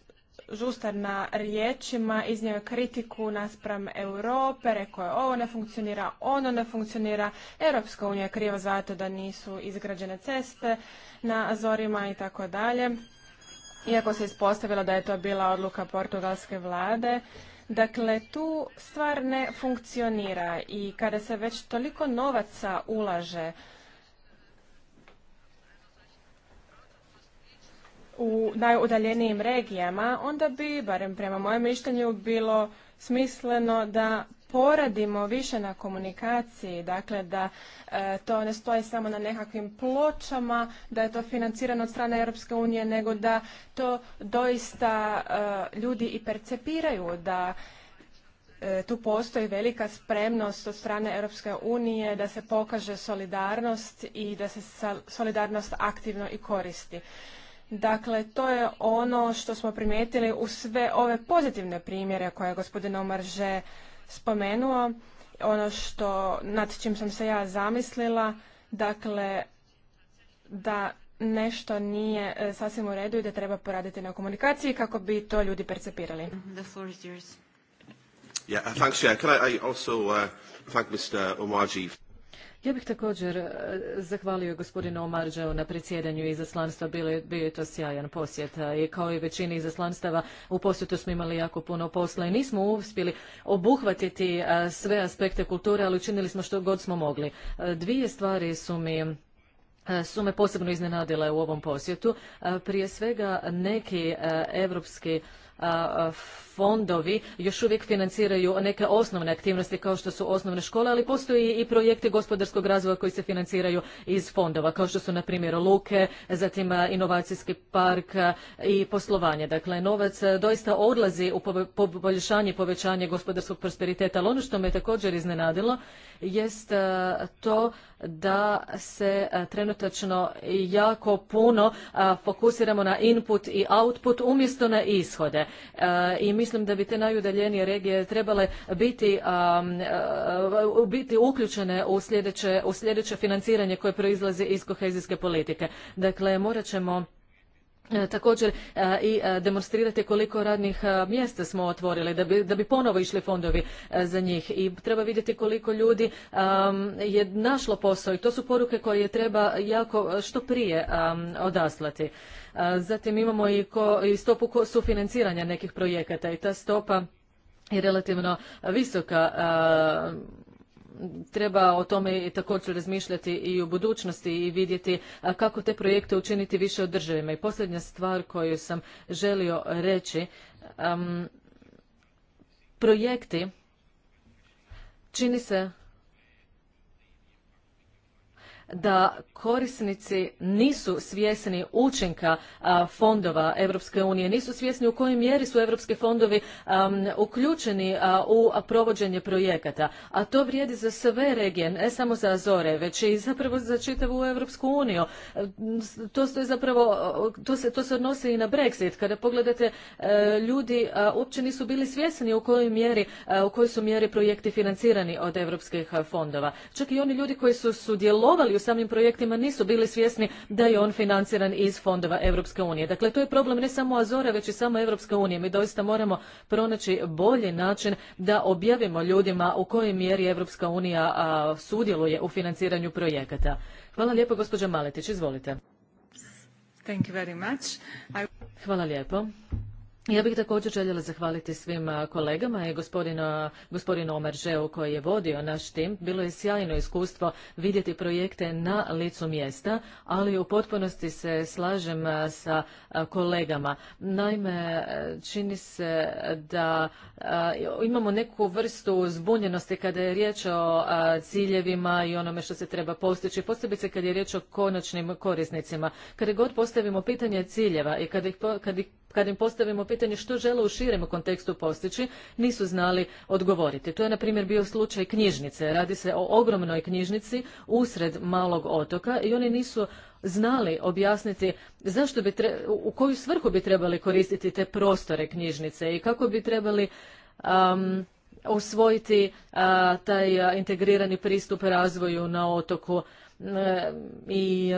žustar na riječima, iznio je kritiku naspram Europe, rekao je ovo ne funkcionira, ono ne funkcionira, Europska unija je kriva zato da nisu izgrađene ceste na Azorima i tako dalje. Iako se ispostavilo da je to bila odluka portugalske vlade, Dakle, tu stvar ne funkcionira i kada se već toliko novaca ulaže u najudaljenijim regijama, onda bi, barem prema mojem mišljenju, bilo smisleno da poradimo više na komunikaciji, dakle da e, to ne stoji samo na nekakvim pločama, da je to financirano od strane Europske unije, nego da to doista e, ljudi i percepiraju, da e, tu postoji velika spremnost od strane Europske unije da se pokaže solidarnost i da se solidarnost aktivno i koristi. Dakle, to je ono što smo primijetili u sve ove pozitivne primjere koje je gospodin Omarže spomenuo. Ono što, nad čim sam se ja zamislila, dakle, da nešto nije e, sasvim u redu i da treba poraditi na komunikaciji kako bi to ljudi percepirali. The floor Can I, also uh, thank Mr. Ja bih također e, zahvalio gospodinu Omarđeu na predsjedanju izaslanstva. bio je to sjajan posjet e, i kao i većini izaslanstava u posjetu smo imali jako puno posla i nismo uspjeli obuhvatiti e, sve aspekte kulture, ali učinili smo što god smo mogli. Dvije stvari su su me posebno iznenadile u ovom posjetu. Prije svega neki evropski fondovi još uvijek financiraju neke osnovne aktivnosti kao što su osnovne škole, ali postoji i projekti gospodarskog razvoja koji se financiraju iz fondova, kao što su na primjer luke, zatim inovacijski park i poslovanje. Dakle, novac doista odlazi u poboljšanje i povećanje gospodarskog prosperiteta, ali ono što me također iznenadilo jest to da se trenutačno jako puno fokusiramo na input i output umjesto na ishode. E, i mislim da bi te najudaljenije regije trebale biti, e, biti uključene u sljedeće, u sljedeće financiranje koje proizlazi iz kohezijske politike. Dakle, morat ćemo e, također i demonstrirati koliko radnih mjesta smo otvorili da bi, da bi ponovo išli fondovi za njih i treba vidjeti koliko ljudi je našlo posao i to su poruke koje treba jako što prije odaslati. Zatim imamo i, stopu sufinanciranja nekih projekata i ta stopa je relativno visoka. Treba o tome i također razmišljati i u budućnosti i vidjeti kako te projekte učiniti više održivima. I posljednja stvar koju sam želio reći, projekti čini se da korisnici nisu svjesni učinka fondova Europske unije, nisu svjesni u kojoj mjeri su europski fondovi uključeni u provođenje projekata. A to vrijedi za sve regije, ne samo za Azore, već i zapravo za čitavu Europsku uniju. To, se zapravo, to, se, to se odnosi i na Brexit. Kada pogledate, e, ljudi uopće nisu bili svjesni u kojoj mjeri, u kojoj su mjeri projekti financirani od europskih fondova. Čak i oni ljudi koji su sudjelovali u samim projektima nisu bili svjesni da je on financiran iz fondova Europske unije. Dakle, to je problem ne samo Azora, već i samo Europske unije. Mi doista moramo pronaći bolji način da objavimo ljudima u kojoj mjeri Europska unija sudjeluje u financiranju projekata. Hvala lijepo, gospođa Maletić, izvolite. Thank you very much. Hvala lijepo. Ja bih također željela zahvaliti svim kolegama i gospodinu, gospodinu Žeu koji je vodio naš tim. Bilo je sjajno iskustvo vidjeti projekte na licu mjesta, ali u potpunosti se slažem sa kolegama. Naime, čini se da imamo neku vrstu zbunjenosti kada je riječ o ciljevima i onome što se treba postići, posebice kada je riječ o konačnim korisnicima. Kada god postavimo pitanje ciljeva i kada ih, kada ih kad im postavimo pitanje što žele u širem kontekstu postići, nisu znali odgovoriti. To je, na primjer, bio slučaj knjižnice. Radi se o ogromnoj knjižnici usred malog otoka i oni nisu znali objasniti zašto bi u koju svrhu bi trebali koristiti te prostore knjižnice i kako bi trebali usvojiti osvojiti taj integrirani pristup razvoju na otoku e, i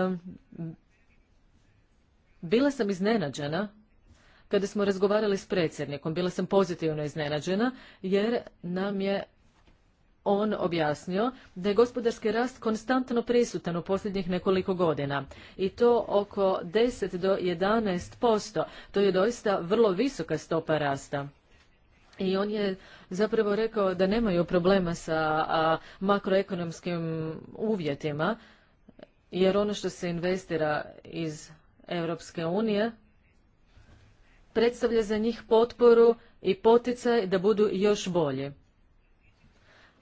bila sam iznenađena kada smo razgovarali s predsjednikom, bila sam pozitivno iznenađena jer nam je on objasnio da je gospodarski rast konstantno prisutan u posljednjih nekoliko godina i to oko 10 do 11 posto. To je doista vrlo visoka stopa rasta. I on je zapravo rekao da nemaju problema sa makroekonomskim uvjetima, jer ono što se investira iz Europske unije predstavlja za njih potporu i poticaj da budu još bolji.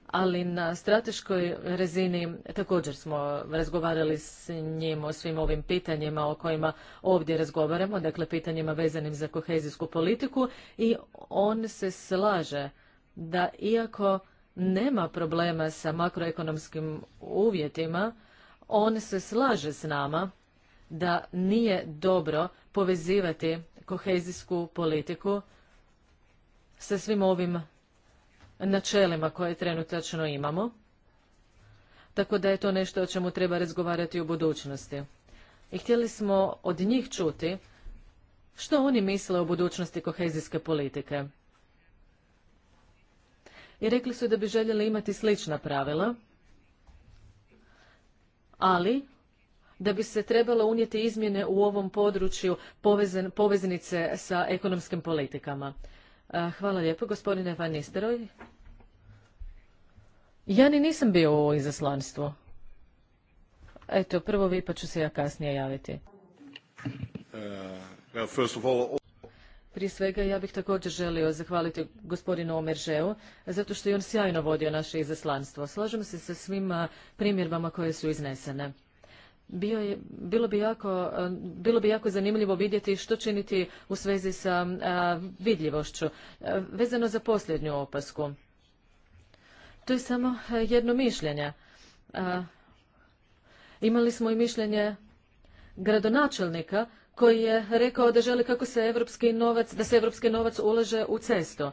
Ali na strateškoj razini također smo razgovarali s njim o svim ovim pitanjima o kojima ovdje razgovaramo, dakle pitanjima vezanim za kohezijsku politiku i on se slaže da iako nema problema sa makroekonomskim uvjetima, on se slaže s nama da nije dobro povezivati kohezijsku politiku sa svim ovim načelima koje trenutačno imamo. Tako da je to nešto o čemu treba razgovarati u budućnosti. I htjeli smo od njih čuti što oni misle o budućnosti kohezijske politike. I rekli su da bi željeli imati slična pravila, ali da bi se trebalo unijeti izmjene u ovom području poveznice sa ekonomskim politikama. E, hvala lijepo, gospodine Van Ja ni nisam bio u izaslanstvu. Eto, prvo vi pa ću se ja kasnije javiti. Uh, Prije svega ja bih također želio zahvaliti gospodinu Omeržeu, zato što je on sjajno vodio naše izaslanstvo. Slažem se sa svima primjerbama koje su iznesene. E, bilo, bi jako, zanimljivo vidjeti što činiti u svezi sa e, vidljivošću. E, vezano za posljednju opasku. To je samo jedno mišljenje. imali smo i mišljenje gradonačelnika koji je rekao da želi kako se evropski novac, da se evropski novac ulaže u cesto.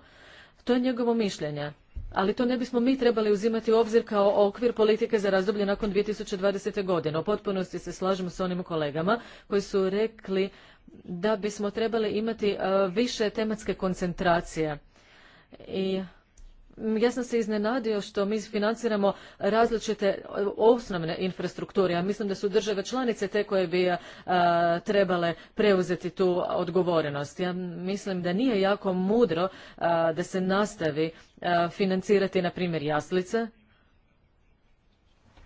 To je njegovo mišljenje ali to ne bismo mi trebali uzimati u obzir kao okvir politike za razdoblje nakon 2020. godine. U potpunosti se slažem s onim kolegama koji su rekli da bismo trebali imati e, više tematske koncentracije i Mm, ja sam se iznenadio što mi financiramo različite e, osnovne infrastrukture, a mislim da su države članice te koje bi e, trebale preuzeti tu odgovorenost. Ja mislim da nije jako mudro e, da se nastavi financirati, na primjer, jaslice.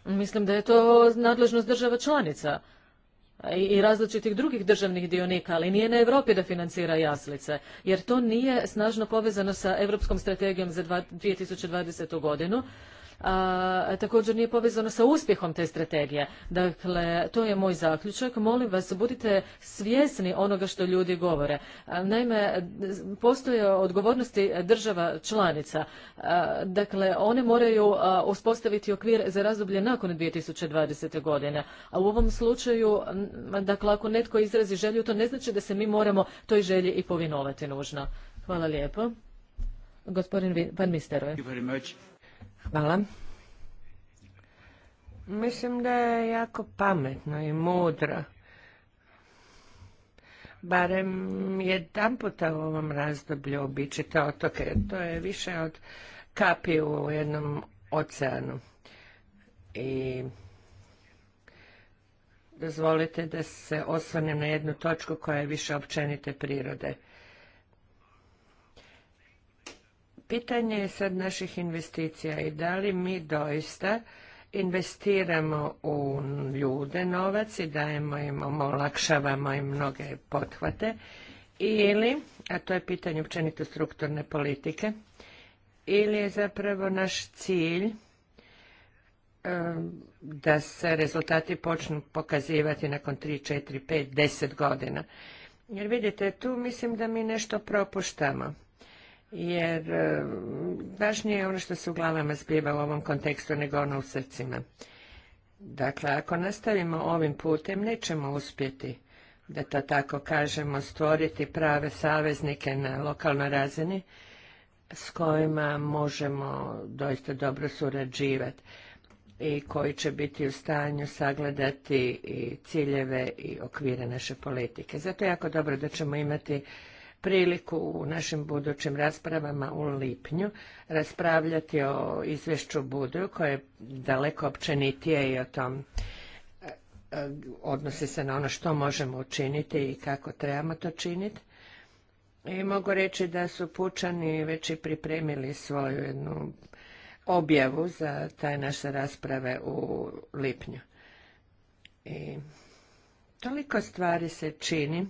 Mislim da je to nadležnost država članica i različitih drugih državnih dionika, ali nije na Europi da financira jaslice, jer to nije snažno povezano sa Europskom strategijom za 2020. godinu, a, također nije povezano sa uspjehom te strategije. Dakle, to je moj zaključak. Molim vas, budite svjesni onoga što ljudi govore. naime, postoje odgovornosti država članica. dakle, one moraju uspostaviti okvir za razdoblje nakon 2020. godine. A u ovom slučaju, dakle, ako netko izrazi želju, to ne znači da se mi moramo toj želji i povinovati nužno. Hvala lijepo. Gospodin Van Misteroj. Hvala. Mislim da je jako pametno i mudra. Barem jedan puta u ovom razdoblju običite otoke. To je više od kapi u jednom oceanu. I dozvolite da se osvrnem na jednu točku koja je više općenite prirode. Pitanje je sad naših investicija i da li mi doista investiramo u ljude novac i dajemo im, olakšavamo im mnoge pothvate ili, a to je pitanje općenito strukturne politike, ili je zapravo naš cilj da se rezultati počnu pokazivati nakon 3, 4, 5, 10 godina. Jer vidite, tu mislim da mi nešto propuštamo jer e, važnije je ono što se u glavama u ovom kontekstu nego ono u srcima. Dakle, ako nastavimo ovim putem, nećemo uspjeti, da to tako kažemo, stvoriti prave saveznike na lokalnoj razini s kojima možemo doista dobro surađivati i koji će biti u stanju sagledati i ciljeve i okvire naše politike. Zato je jako dobro da ćemo imati priliku u našim budućim raspravama u lipnju raspravljati o izvješću budu koje je daleko općenitije i o tom e, e, odnosi se na ono što možemo učiniti i kako trebamo to činiti. I mogu reći da su pučani već i pripremili svoju jednu objavu za taj naše rasprave u lipnju. I toliko stvari se čini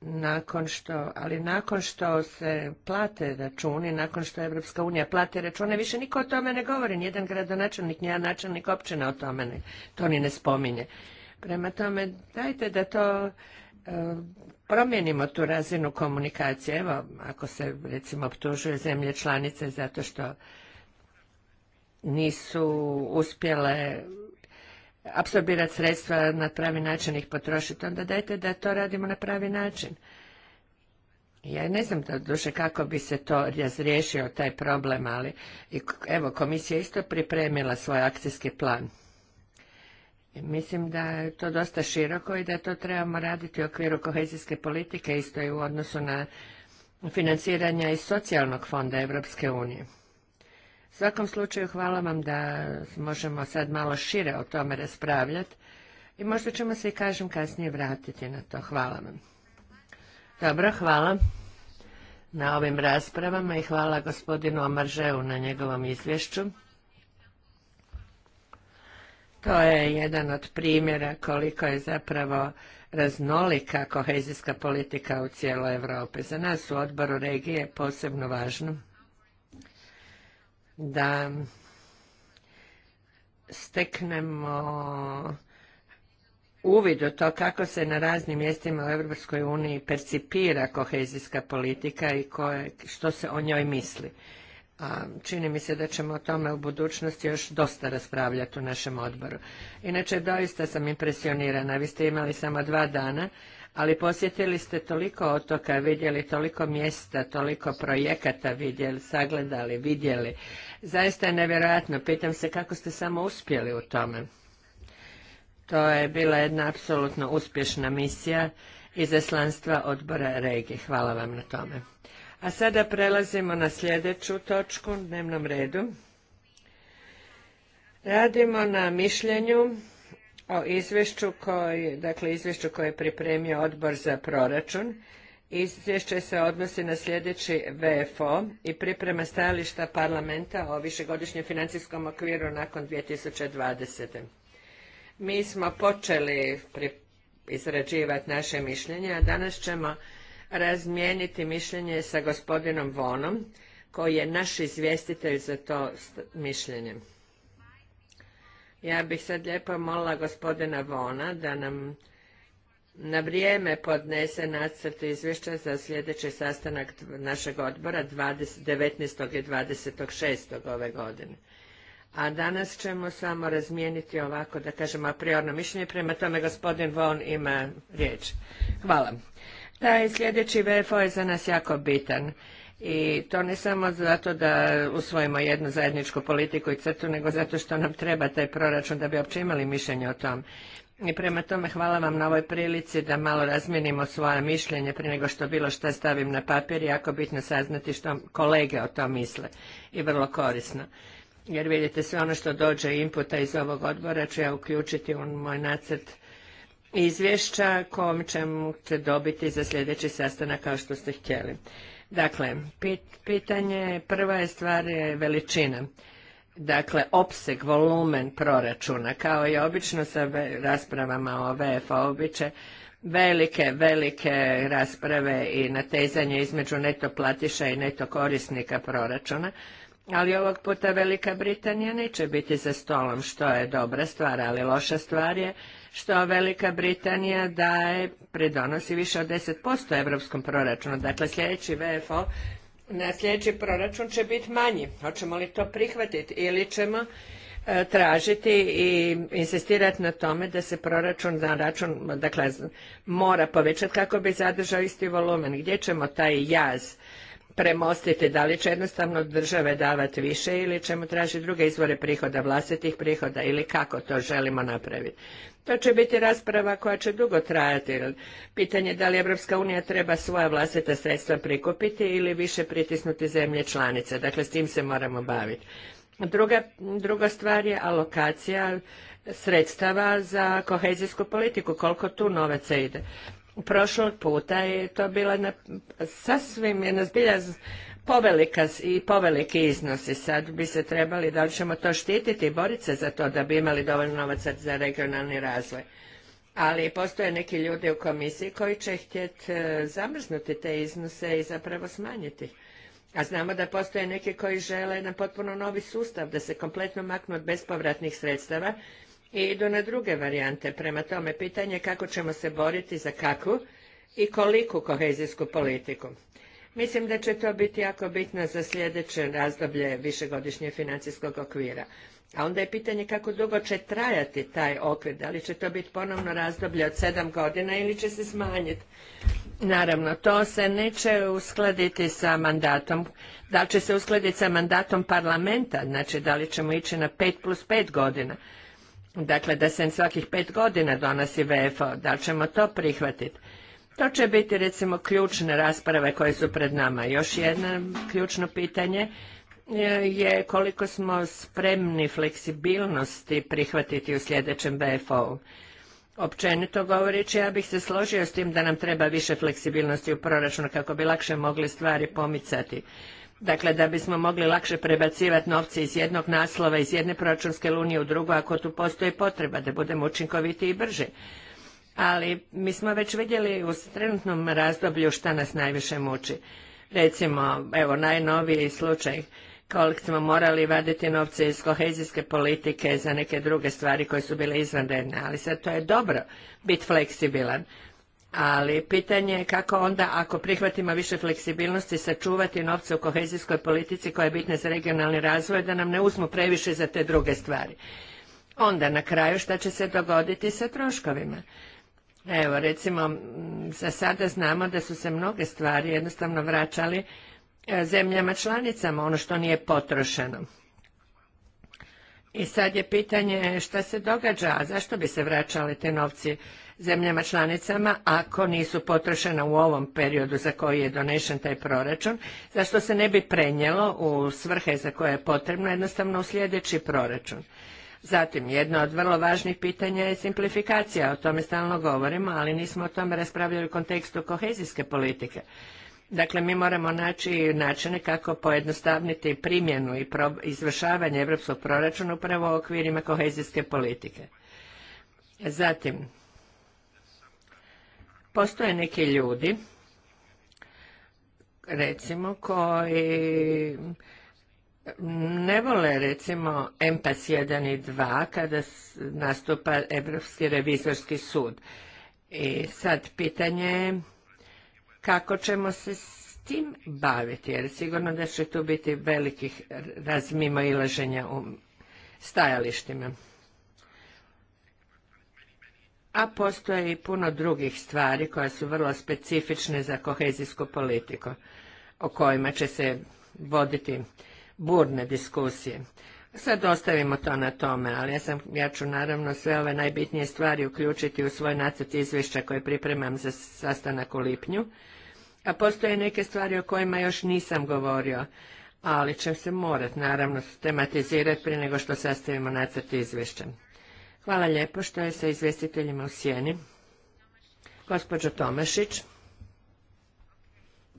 nakon što, ali nakon što se plate računi, nakon što Evropska unija plate račune, više niko o tome ne govori, nijedan gradonačelnik, nijedan načelnik općina o tome ne, to ni ne spominje. Prema tome, dajte da to e, promijenimo tu razinu komunikacije. Evo, ako se recimo optužuje zemlje članice zato što nisu uspjele apsorbirati sredstva na pravi način ih potrošiti, onda dajte da to radimo na pravi način. Ja ne znam da duše kako bi se to razriješio taj problem, ali evo komisija isto pripremila svoj akcijski plan. Mislim da je to dosta široko i da to trebamo raditi u okviru kohezijske politike, isto i u odnosu na financiranja iz socijalnog fonda Evropske unije svakom slučaju hvala vam da možemo sad malo šire o tome raspravljati i možda ćemo se i kažem kasnije vratiti na to. Hvala vam. Dobro, hvala na ovim raspravama i hvala gospodinu Omaržeu na njegovom izvješću. To je jedan od primjera koliko je zapravo raznolika kohezijska politika u cijeloj Europi. Za nas u odboru regije je posebno važno da steknemo uvid u to kako se na raznim mjestima u Europskoj uniji percipira kohezijska politika i koje, što se o njoj misli. A čini mi se da ćemo o tome u budućnosti još dosta raspravljati u našem odboru. Inače, doista sam impresionirana. Vi ste imali samo dva dana ali posjetili ste toliko otoka, vidjeli toliko mjesta, toliko projekata vidjeli, sagledali, vidjeli. Zaista je nevjerojatno, pitam se kako ste samo uspjeli u tome. To je bila jedna apsolutno uspješna misija eslanstva odbora regije. Hvala vam na tome. A sada prelazimo na sljedeću točku u dnevnom redu. Radimo na mišljenju o izvješću dakle izvješću koje je pripremio odbor za proračun. Izvješće se odnosi na sljedeći VFO i priprema stajališta parlamenta o višegodišnjem financijskom okviru nakon 2020. Mi smo počeli izrađivati naše mišljenje, a danas ćemo razmijeniti mišljenje sa gospodinom Vonom, koji je naš izvjestitelj za to mišljenje. Ja bih sad lijepo molila gospodina Vona da nam na vrijeme podnese nacrt izvješća za sljedeći sastanak našeg odbora 19. i 26. ove godine. A danas ćemo samo razmijeniti ovako, da kažem, priorno mišljenje. Prema tome, gospodin Von ima riječ. Hvala. Taj sljedeći VFO je za nas jako bitan i to ne samo zato da usvojimo jednu zajedničku politiku i crtu, nego zato što nam treba taj proračun da bi uopće imali mišljenje o tom. I prema tome hvala vam na ovoj prilici da malo razmijenimo svoje mišljenje prije nego što bilo šta stavim na papir i jako bitno saznati što kolege o tom misle i vrlo korisno. Jer vidite sve ono što dođe inputa iz ovog odbora ću ja uključiti u moj nacrt izvješća kom ćete dobiti za sljedeći sastanak kao što ste htjeli. Dakle, pitanje, prva je stvar je veličina. Dakle, opseg, volumen proračuna, kao i obično sa raspravama o VFO običe, velike, velike rasprave i natezanje između neto platiša i neto korisnika proračuna, ali ovog puta Velika Britanija neće biti za stolom, što je dobra stvar, ali loša stvar je što Velika Britanija daje, pridonosi više od 10% evropskom proračunu. Dakle, sljedeći VFO na sljedeći proračun će biti manji. Hoćemo li to prihvatiti ili ćemo e, tražiti i insistirati na tome da se proračun na račun, dakle, mora povećati kako bi zadržao isti volumen. Gdje ćemo taj jaz premostiti? Da li će jednostavno države davati više ili ćemo tražiti druge izvore prihoda, vlastitih prihoda ili kako to želimo napraviti? To će biti rasprava koja će dugo trajati. Pitanje je da li Evropska unija treba svoja vlastita sredstva prikupiti ili više pritisnuti zemlje članice. Dakle, s tim se moramo baviti. Druga, stvar je alokacija sredstava za kohezijsku politiku, koliko tu novaca ide. Prošlog puta je to bila na, sasvim jedna zbilja i poveliki iznosi. Sad bi se trebali, da li ćemo to štititi i boriti se za to da bi imali dovoljno novaca za regionalni razvoj. Ali postoje neki ljudi u komisiji koji će htjeti e, zamrznuti te iznose i zapravo smanjiti. A znamo da postoje neki koji žele jedan potpuno novi sustav, da se kompletno maknu od bespovratnih sredstava i idu na druge varijante. Prema tome, pitanje je kako ćemo se boriti za kakvu i koliku kohezijsku politiku. Mislim da će to biti jako bitno za sljedeće razdoblje višegodišnje financijskog okvira. A onda je pitanje kako dugo će trajati taj okvir, da li će to biti ponovno razdoblje od sedam godina ili će se smanjiti. Naravno, to se neće uskladiti sa mandatom, da li će se uskladiti sa mandatom parlamenta, znači da li ćemo ići na pet plus pet godina. Dakle, da se svakih pet godina donosi VFO, da li ćemo to prihvatiti? To će biti recimo ključne rasprave koje su pred nama. Još jedno ključno pitanje e, je koliko smo spremni fleksibilnosti prihvatiti u sljedećem BFO-u. Općenito govoreći, ja bih se složio s tim da nam treba više fleksibilnosti u proračunu kako bi lakše mogli stvari pomicati. Dakle, da bismo mogli lakše prebacivati novce iz jednog naslova, iz jedne proračunske lunije u drugu, ako tu postoji potreba, da budemo učinkoviti i brži ali mi smo već vidjeli u trenutnom razdoblju šta nas najviše muči. Recimo, evo, najnoviji slučaj koliko smo morali vaditi novce iz kohezijske politike za neke druge stvari koje su bile izvanredne, ali sad to je dobro biti fleksibilan. Ali pitanje je kako onda, ako prihvatimo više fleksibilnosti, sačuvati novce u kohezijskoj politici koja je bitna za regionalni razvoj, da nam ne uzmu previše za te druge stvari. Onda na kraju šta će se dogoditi sa troškovima? Evo, recimo, za sada znamo da su se mnoge stvari jednostavno vraćali e, zemljama članicama, ono što nije potrošeno. I sad je pitanje šta se događa, a zašto bi se vraćali te novci zemljama članicama ako nisu potrošena u ovom periodu za koji je donešen taj proračun, zašto se ne bi prenijelo u svrhe za koje je potrebno jednostavno u sljedeći proračun. Zatim, jedno od vrlo važnih pitanja je simplifikacija, o tome stalno govorimo, ali nismo o tome raspravljali u kontekstu kohezijske politike. Dakle, mi moramo naći načine kako pojednostavniti primjenu i izvršavanje europskog proračuna upravo u okvirima kohezijske politike. Zatim, postoje neki ljudi, recimo, koji ne vole recimo MPAS 1 i 2 kada nastupa Evropski revizorski sud. I sad pitanje je kako ćemo se s tim baviti, jer sigurno da će tu biti velikih razmima ilaženja u stajalištima. A postoje i puno drugih stvari koja su vrlo specifične za kohezijsku politiku, o kojima će se voditi burne diskusije. Sad ostavimo to na tome, ali ja, sam, ja ću naravno sve ove najbitnije stvari uključiti u svoj nacrt izvješća koje pripremam za sastanak u lipnju. A postoje neke stvari o kojima još nisam govorio, ali će se morat naravno tematizirati prije nego što sastavimo nacrt izvješća. Hvala lijepo što je sa izvjestiteljima u sjeni. Gospođo Tomašić.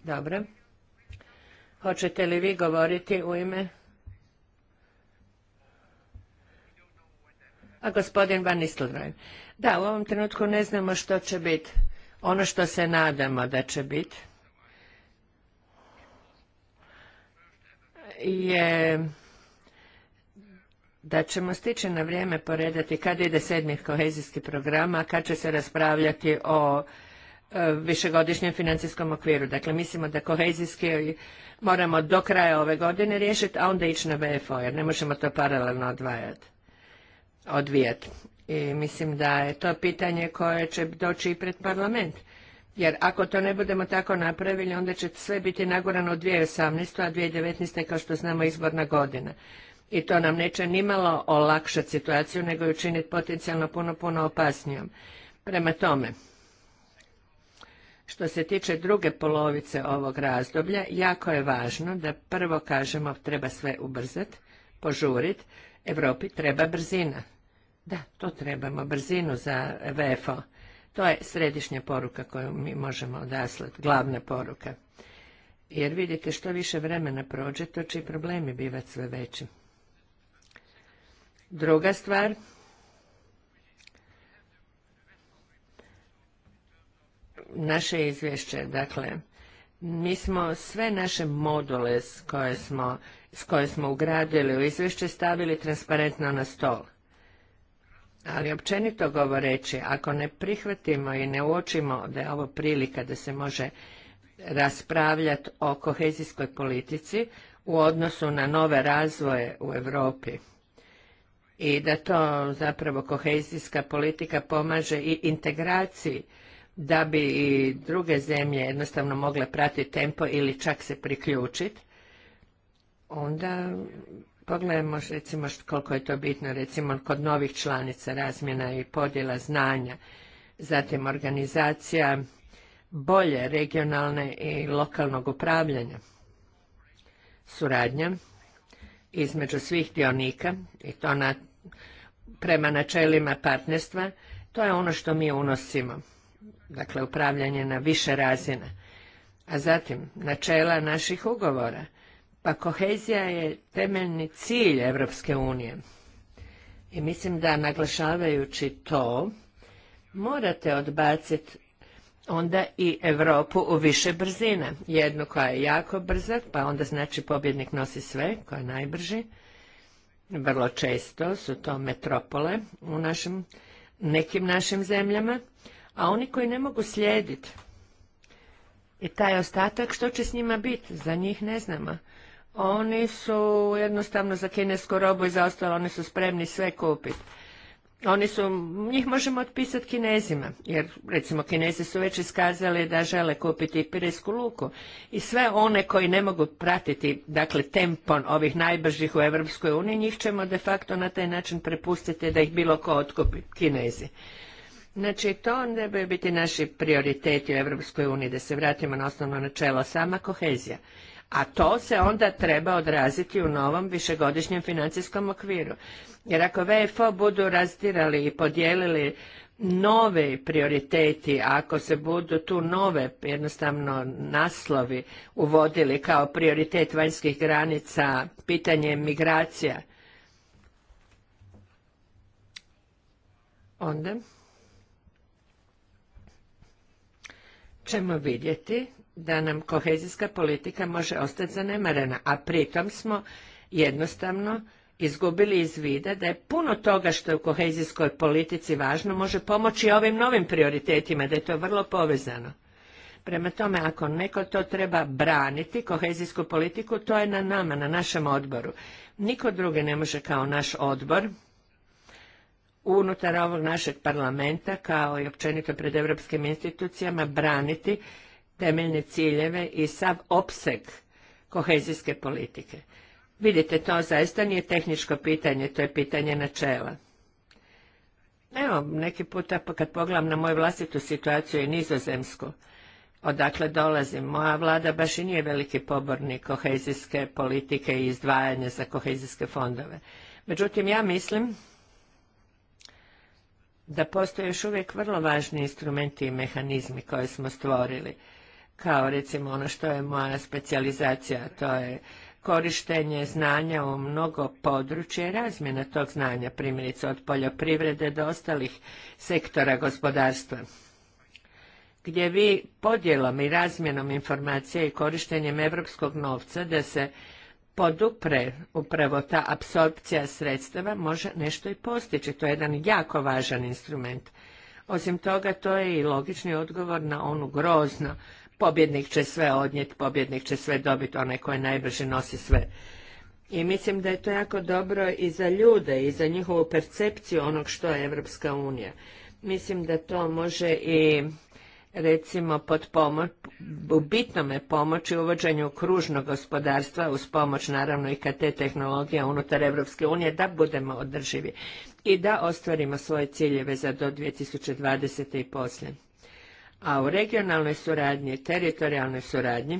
Dobro. Hoćete li vi govoriti u ime? A gospodin Van Nistelrooy. Da, u ovom trenutku ne znamo što će biti. Ono što se nadamo da će biti je da ćemo stići na vrijeme poredati kad ide sedmih kohezijskih programa, kad će se raspravljati o E, višegodišnjem financijskom okviru. Dakle, mislimo da kohezijski moramo do kraja ove godine riješiti, a onda ići na BFO, jer ne možemo to paralelno odvajati, odvijati. I mislim da je to pitanje koje će doći i pred parlament. Jer ako to ne budemo tako napravili, onda će sve biti nagurano u 2018. a 2019. kao što znamo izborna godina. I to nam neće malo olakšati situaciju, nego ju činiti potencijalno puno, puno opasnijom. Prema tome, što se tiče druge polovice ovog razdoblja, jako je važno da prvo kažemo treba sve ubrzati, požuriti. Europi treba brzina. Da, to trebamo, brzinu za VFO. To je središnja poruka koju mi možemo odaslati, glavna poruka. Jer vidite, što više vremena prođe, to će i problemi bivati sve veći. Druga stvar, naše izvješće. Dakle, mi smo sve naše module s koje smo, s koje smo ugradili u izvješće stavili transparentno na stol. Ali općenito govoreći, ako ne prihvatimo i ne uočimo da je ovo prilika da se može raspravljati o kohezijskoj politici u odnosu na nove razvoje u Europi i da to zapravo kohezijska politika pomaže i integraciji da bi i druge zemlje jednostavno mogle pratiti tempo ili čak se priključiti, onda pogledajmo recimo koliko je to bitno recimo kod novih članica razmjena i podjela znanja, zatim organizacija bolje regionalne i lokalnog upravljanja, suradnja između svih dionika i to na, prema načelima partnerstva, to je ono što mi unosimo dakle upravljanje na više razina. a zatim načela naših ugovora. Pa kohezija je temeljni cilj Evropske unije. I mislim da naglašavajući to, morate odbaciti onda i Europu u više brzina. Jednu koja je jako brza, pa onda znači pobjednik nosi sve, koja je najbrži. Vrlo često su to metropole u našim, nekim našim zemljama, a oni koji ne mogu slijediti i taj ostatak, što će s njima biti? Za njih ne znamo. Oni su jednostavno za kinesku robu i za ostalo, oni su spremni sve kupiti. Oni su, njih možemo otpisati kinezima, jer recimo kinezi su već iskazali da žele kupiti piresku luku i sve one koji ne mogu pratiti, dakle, tempon ovih najbržih u Europskoj uniji, njih ćemo de facto na taj način prepustiti da ih bilo ko otkupi, kinezi. Znači, to ne bi biti naši prioriteti u Europskoj uniji, da se vratimo na osnovno načelo, sama kohezija. A to se onda treba odraziti u novom višegodišnjem financijskom okviru. Jer ako VFO budu razdirali i podijelili nove prioriteti, ako se budu tu nove jednostavno naslovi uvodili kao prioritet vanjskih granica, pitanje migracija, onda ćemo vidjeti da nam kohezijska politika može ostati zanemarena, a pritom smo jednostavno izgubili iz vida da je puno toga što je u kohezijskoj politici važno može pomoći ovim novim prioritetima, da je to vrlo povezano. Prema tome, ako neko to treba braniti, kohezijsku politiku, to je na nama, na našem odboru. Niko drugi ne može kao naš odbor unutar ovog našeg parlamenta kao i općenito pred europskim institucijama braniti temeljne ciljeve i sav opseg kohezijske politike. Vidite, to zaista nije tehničko pitanje, to je pitanje načela. Evo, neki puta pa kad pogledam na moju vlastitu situaciju i nizozemsku, odakle dolazim, moja vlada baš i nije veliki pobornik kohezijske politike i izdvajanja za kohezijske fondove. Međutim, ja mislim da postoje još uvijek vrlo važni instrumenti i mehanizmi koje smo stvorili, kao recimo ono što je moja specijalizacija, to je korištenje znanja u mnogo područja i razmjena tog znanja, primjerice od poljoprivrede do ostalih sektora gospodarstva gdje vi podjelom i razmjenom informacija i korištenjem europskog novca da se podupre upravo ta apsorpcija sredstava može nešto i postići. To je jedan jako važan instrument. Osim toga, to je i logični odgovor na onu grozno. Pobjednik će sve odnijeti, pobjednik će sve dobiti, onaj koji najbrže nosi sve. I mislim da je to jako dobro i za ljude i za njihovu percepciju onog što je Evropska unija. Mislim da to može i recimo pod pomoć, u bitnome pomoći uvođenju kružnog gospodarstva uz pomoć naravno i te tehnologija unutar Europske unije da budemo održivi i da ostvarimo svoje ciljeve za do 2020. i poslije. A u regionalnoj suradnji i teritorijalnoj suradnji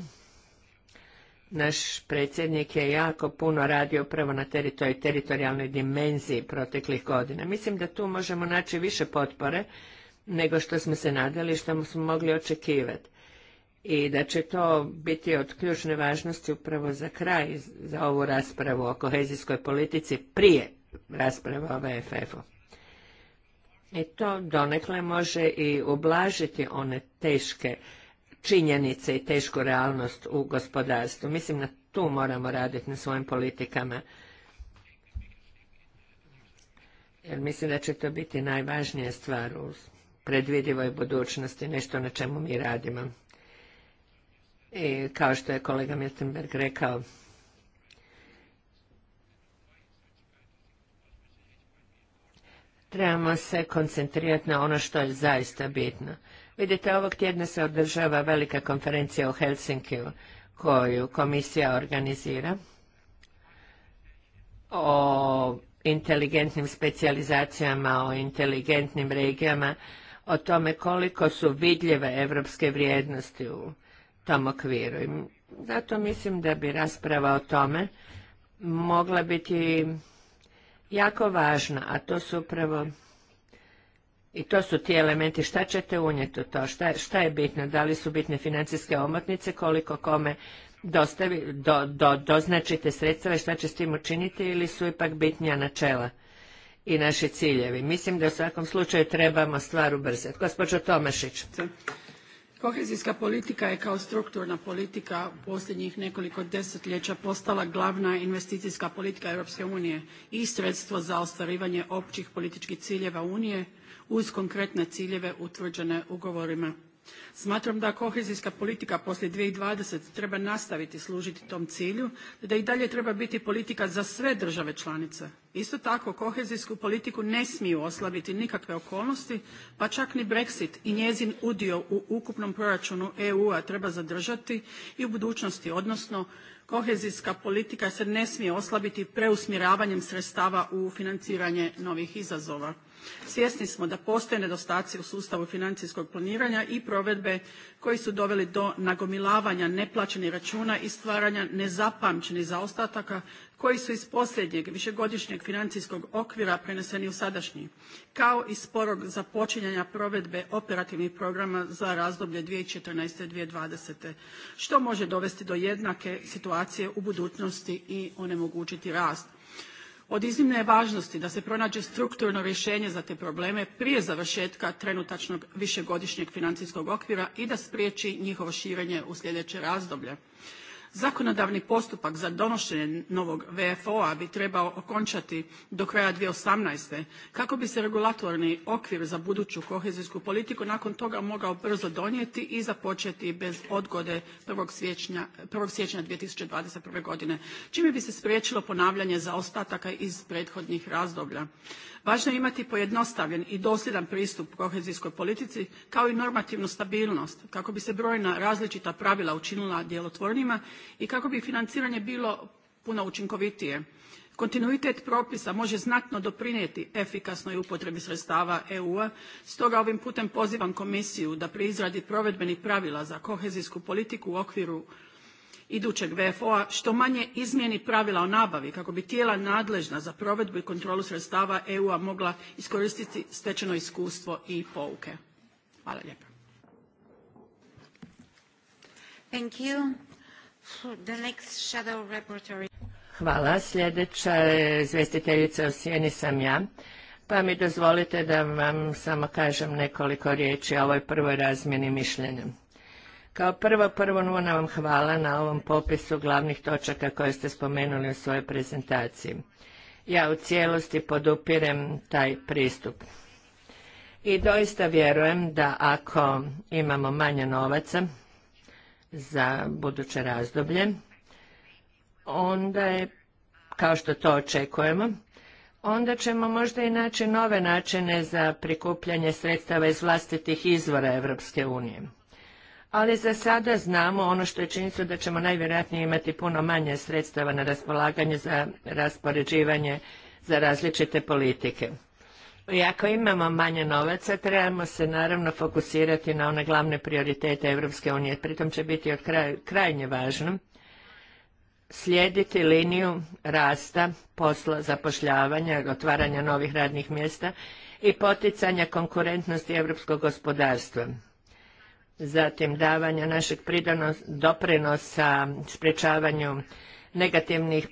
naš predsjednik je jako puno radio upravo na teritorijalnoj dimenziji proteklih godina. Mislim da tu možemo naći više potpore nego što smo se nadali, što smo mogli očekivati. I da će to biti od ključne važnosti upravo za kraj, za ovu raspravu o kohezijskoj politici prije rasprave o VFF-u. I to donekle može i ublažiti one teške činjenice i tešku realnost u gospodarstvu. Mislim da tu moramo raditi na svojim politikama. Jer mislim da će to biti najvažnija stvar u predvidivoj budućnosti, nešto na čemu mi radimo. I kao što je kolega Miltenberg rekao, trebamo se koncentrirati na ono što je zaista bitno. Vidite, ovog tjedna se održava velika konferencija u Helsinkiju koju komisija organizira o inteligentnim specijalizacijama, o inteligentnim regijama, o tome koliko su vidljive evropske vrijednosti u tom okviru. Zato mislim da bi rasprava o tome mogla biti jako važna, a to su upravo i to su ti elementi, šta ćete unijeti u to, šta, šta je bitno, da li su bitne financijske omotnice, koliko kome dostavi, do, doznačite sredstva i šta će s tim učiniti ili su ipak bitnija načela i naši ciljevi. Mislim da u svakom slučaju trebamo stvar ubrzati. Gospođo Tomašić. Kohezijska politika je kao strukturna politika u posljednjih nekoliko desetljeća postala glavna investicijska politika Europske unije i sredstvo za ostvarivanje općih političkih ciljeva Unije uz konkretne ciljeve utvrđene ugovorima smatram da kohezijska politika poslije 2020. treba nastaviti služiti tom cilju te da i dalje treba biti politika za sve države članice. isto tako kohezijsku politiku ne smiju oslabiti nikakve okolnosti pa čak ni brexit i njezin udio u ukupnom proračunu eu a treba zadržati i u budućnosti odnosno kohezijska politika se ne smije oslabiti preusmjeravanjem sredstava u financiranje novih izazova. Svjesni smo da postoje nedostaci u sustavu financijskog planiranja i provedbe koji su doveli do nagomilavanja neplaćenih računa i stvaranja nezapamćenih zaostataka koji su iz posljednjeg višegodišnjeg financijskog okvira preneseni u sadašnji, kao i sporog započinjanja provedbe operativnih programa za razdoblje 2014.-2020. što može dovesti do jednake situacije u budućnosti i onemogućiti rast. Od iznimne je važnosti da se pronađe strukturno rješenje za te probleme prije završetka trenutačnog višegodišnjeg financijskog okvira i da spriječi njihovo širenje u sljedeće razdoblje. Zakonodavni postupak za donošenje novog VFO-a bi trebao okončati do kraja 2018. kako bi se regulatorni okvir za buduću kohezijsku politiku nakon toga mogao brzo donijeti i započeti bez odgode 1. siječnja 2021. godine, čime bi se spriječilo ponavljanje zaostataka iz prethodnih razdoblja. Važno je imati pojednostavljen i dosljedan pristup kohezijskoj politici kao i normativnu stabilnost kako bi se brojna različita pravila učinila djelotvornima i kako bi financiranje bilo puno učinkovitije. Kontinuitet propisa može znatno doprinijeti efikasnoj upotrebi sredstava EU-a, stoga ovim putem pozivam komisiju da pri izradi provedbenih pravila za kohezijsku politiku u okviru idućeg VFO-a što manje izmjeni pravila o nabavi kako bi tijela nadležna za provedbu i kontrolu sredstava EU-a mogla iskoristiti stečeno iskustvo i pouke. Hvala lijepa. Hvala. Sljedeća je izvjestiteljica o sjeni sam ja. Pa mi dozvolite da vam samo kažem nekoliko riječi o ovoj prvoj razmjeni mišljenja. Kao prvo, prvo nuna vam hvala na ovom popisu glavnih točaka koje ste spomenuli u svojoj prezentaciji. Ja u cijelosti podupirem taj pristup. I doista vjerujem da ako imamo manje novaca, za buduće razdoblje, onda je, kao što to očekujemo, onda ćemo možda i naći nove načine za prikupljanje sredstava iz vlastitih izvora Evropske unije. Ali za sada znamo ono što je činjenica da ćemo najvjerojatnije imati puno manje sredstava na raspolaganje za raspoređivanje za različite politike. I ako imamo manje novaca, trebamo se naravno fokusirati na one glavne prioritete Europske unije. Pritom će biti od krajnje važno slijediti liniju rasta posla, zapošljavanja, otvaranja novih radnih mjesta i poticanja konkurentnosti europskog gospodarstva. Zatim davanja našeg pridonos, doprinosa sprječavanju negativnih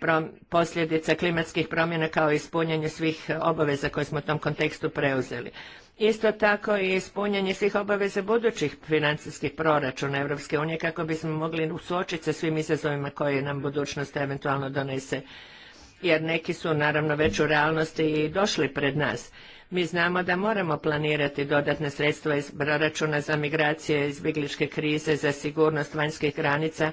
posljedica klimatskih promjena kao i ispunjanje svih obaveza koje smo u tom kontekstu preuzeli. Isto tako i ispunjanje svih obaveza budućih financijskih proračuna Europske unije kako bismo mogli suočiti sa svim izazovima koje nam budućnost eventualno donese, jer neki su naravno već u realnosti i došli pred nas. Mi znamo da moramo planirati dodatne sredstva iz proračuna za migracije, izbjegličke krize, za sigurnost vanjskih granica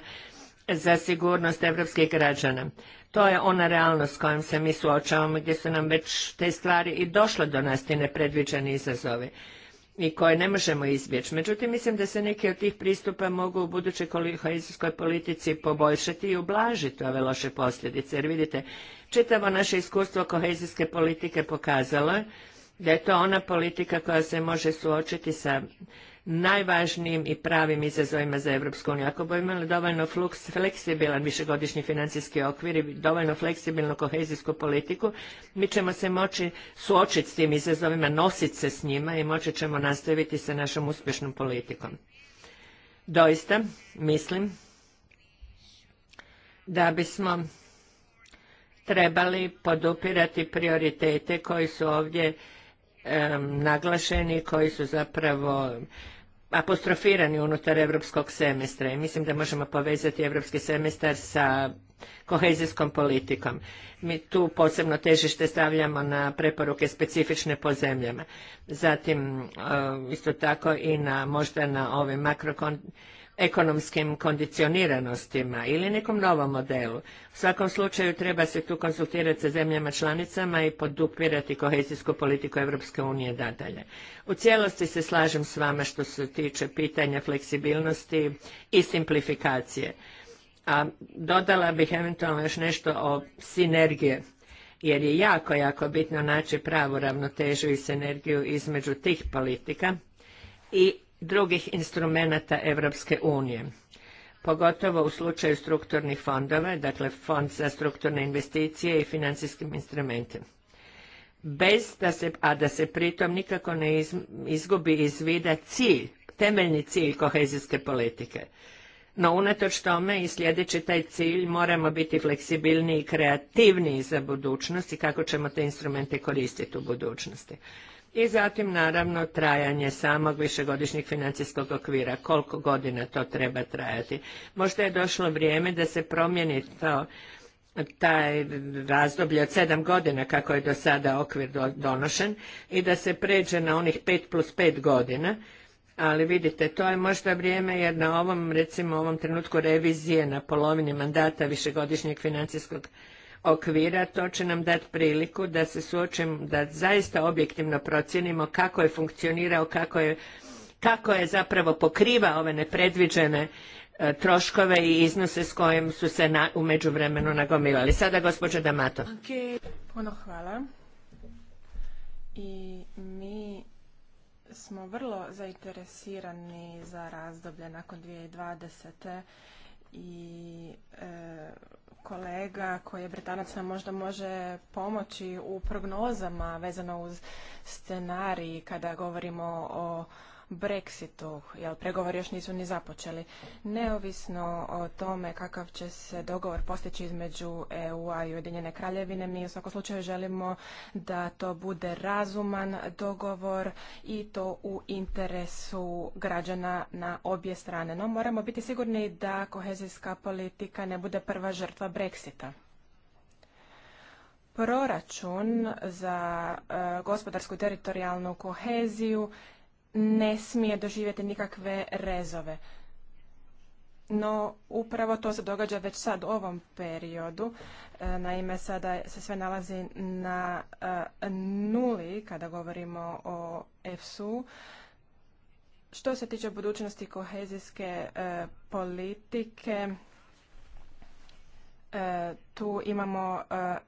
za sigurnost evropskih građana. To je ona realnost s kojom se mi suočavamo gdje su nam već te stvari i došle do nas ti nepredviđeni izazovi i koje ne možemo izbjeći. Međutim, mislim da se neki od tih pristupa mogu u budućoj kohezijskoj politici poboljšati i ublažiti ove loše posljedice. Jer vidite, čitavo naše iskustvo kohezijske politike pokazalo da je to ona politika koja se može suočiti sa najvažnijim i pravim izazovima za Europsku uniju. Ako bi imali dovoljno fleksibilan višegodišnji financijski okvir i dovoljno fleksibilnu kohezijsku politiku, mi ćemo se moći suočiti s tim izazovima, nositi se s njima i moći ćemo nastaviti sa našom uspješnom politikom. Doista, mislim da bismo trebali podupirati prioritete koji su ovdje naglašeni, koji su zapravo apostrofirani unutar europskog semestra i mislim da možemo povezati europski semestar sa kohezijskom politikom. Mi tu posebno težište stavljamo na preporuke specifične po zemljama. Zatim, e, isto tako i na možda na ove makrokon ekonomskim kondicioniranostima ili nekom novom modelu. U svakom slučaju treba se tu konsultirati sa zemljama članicama i podupirati kohezijsku politiku Europske unije nadalje. U cijelosti se slažem s vama što se tiče pitanja fleksibilnosti i simplifikacije. A dodala bih eventualno još nešto o sinergije jer je jako, jako bitno naći pravu ravnotežu i sinergiju između tih politika i drugih instrumenata Europske unije pogotovo u slučaju strukturnih fondova, dakle fond za strukturne investicije i financijskim instrumentima. Bez da se, a da se pritom nikako ne izgubi iz vida cilj, temeljni cilj kohezijske politike. No unatoč tome i sljedeći taj cilj moramo biti fleksibilniji i kreativniji za budućnost i kako ćemo te instrumente koristiti u budućnosti i zatim naravno trajanje samog višegodišnjeg financijskog okvira, koliko godina to treba trajati. Možda je došlo vrijeme da se promijeni to taj razdoblje od sedam godina kako je do sada okvir donošen i da se pređe na onih pet plus pet godina, ali vidite, to je možda vrijeme jer na ovom, recimo ovom trenutku revizije na polovini mandata višegodišnjeg financijskog okvira okvira, to će nam dati priliku da se suočimo, da zaista objektivno procijenimo kako je funkcionirao, kako je, kako je zapravo pokriva ove nepredviđene e, troškove i iznose s kojim su se u međuvremenu nagomilali. Sada gospođa Damato. Puno hvala. I mi smo vrlo zainteresirani za razdoblje nakon 2020 i e, kolega koji je Britanac nam možda može pomoći u prognozama vezano uz scenarij kada govorimo o Brexitu, jer pregovori još nisu ni započeli. Neovisno o tome kakav će se dogovor postići između EU-a i Ujedinjene kraljevine, mi u svakom slučaju želimo da to bude razuman dogovor i to u interesu građana na obje strane. No moramo biti sigurni da kohezijska politika ne bude prva žrtva Brexita. Proračun za e, gospodarsku teritorijalnu koheziju ne smije doživjeti nikakve rezove. No, upravo to se događa već sad u ovom periodu. E, naime, sada se sve nalazi na e, nuli kada govorimo o FSU. Što se tiče budućnosti kohezijske e, politike, E, tu imamo e,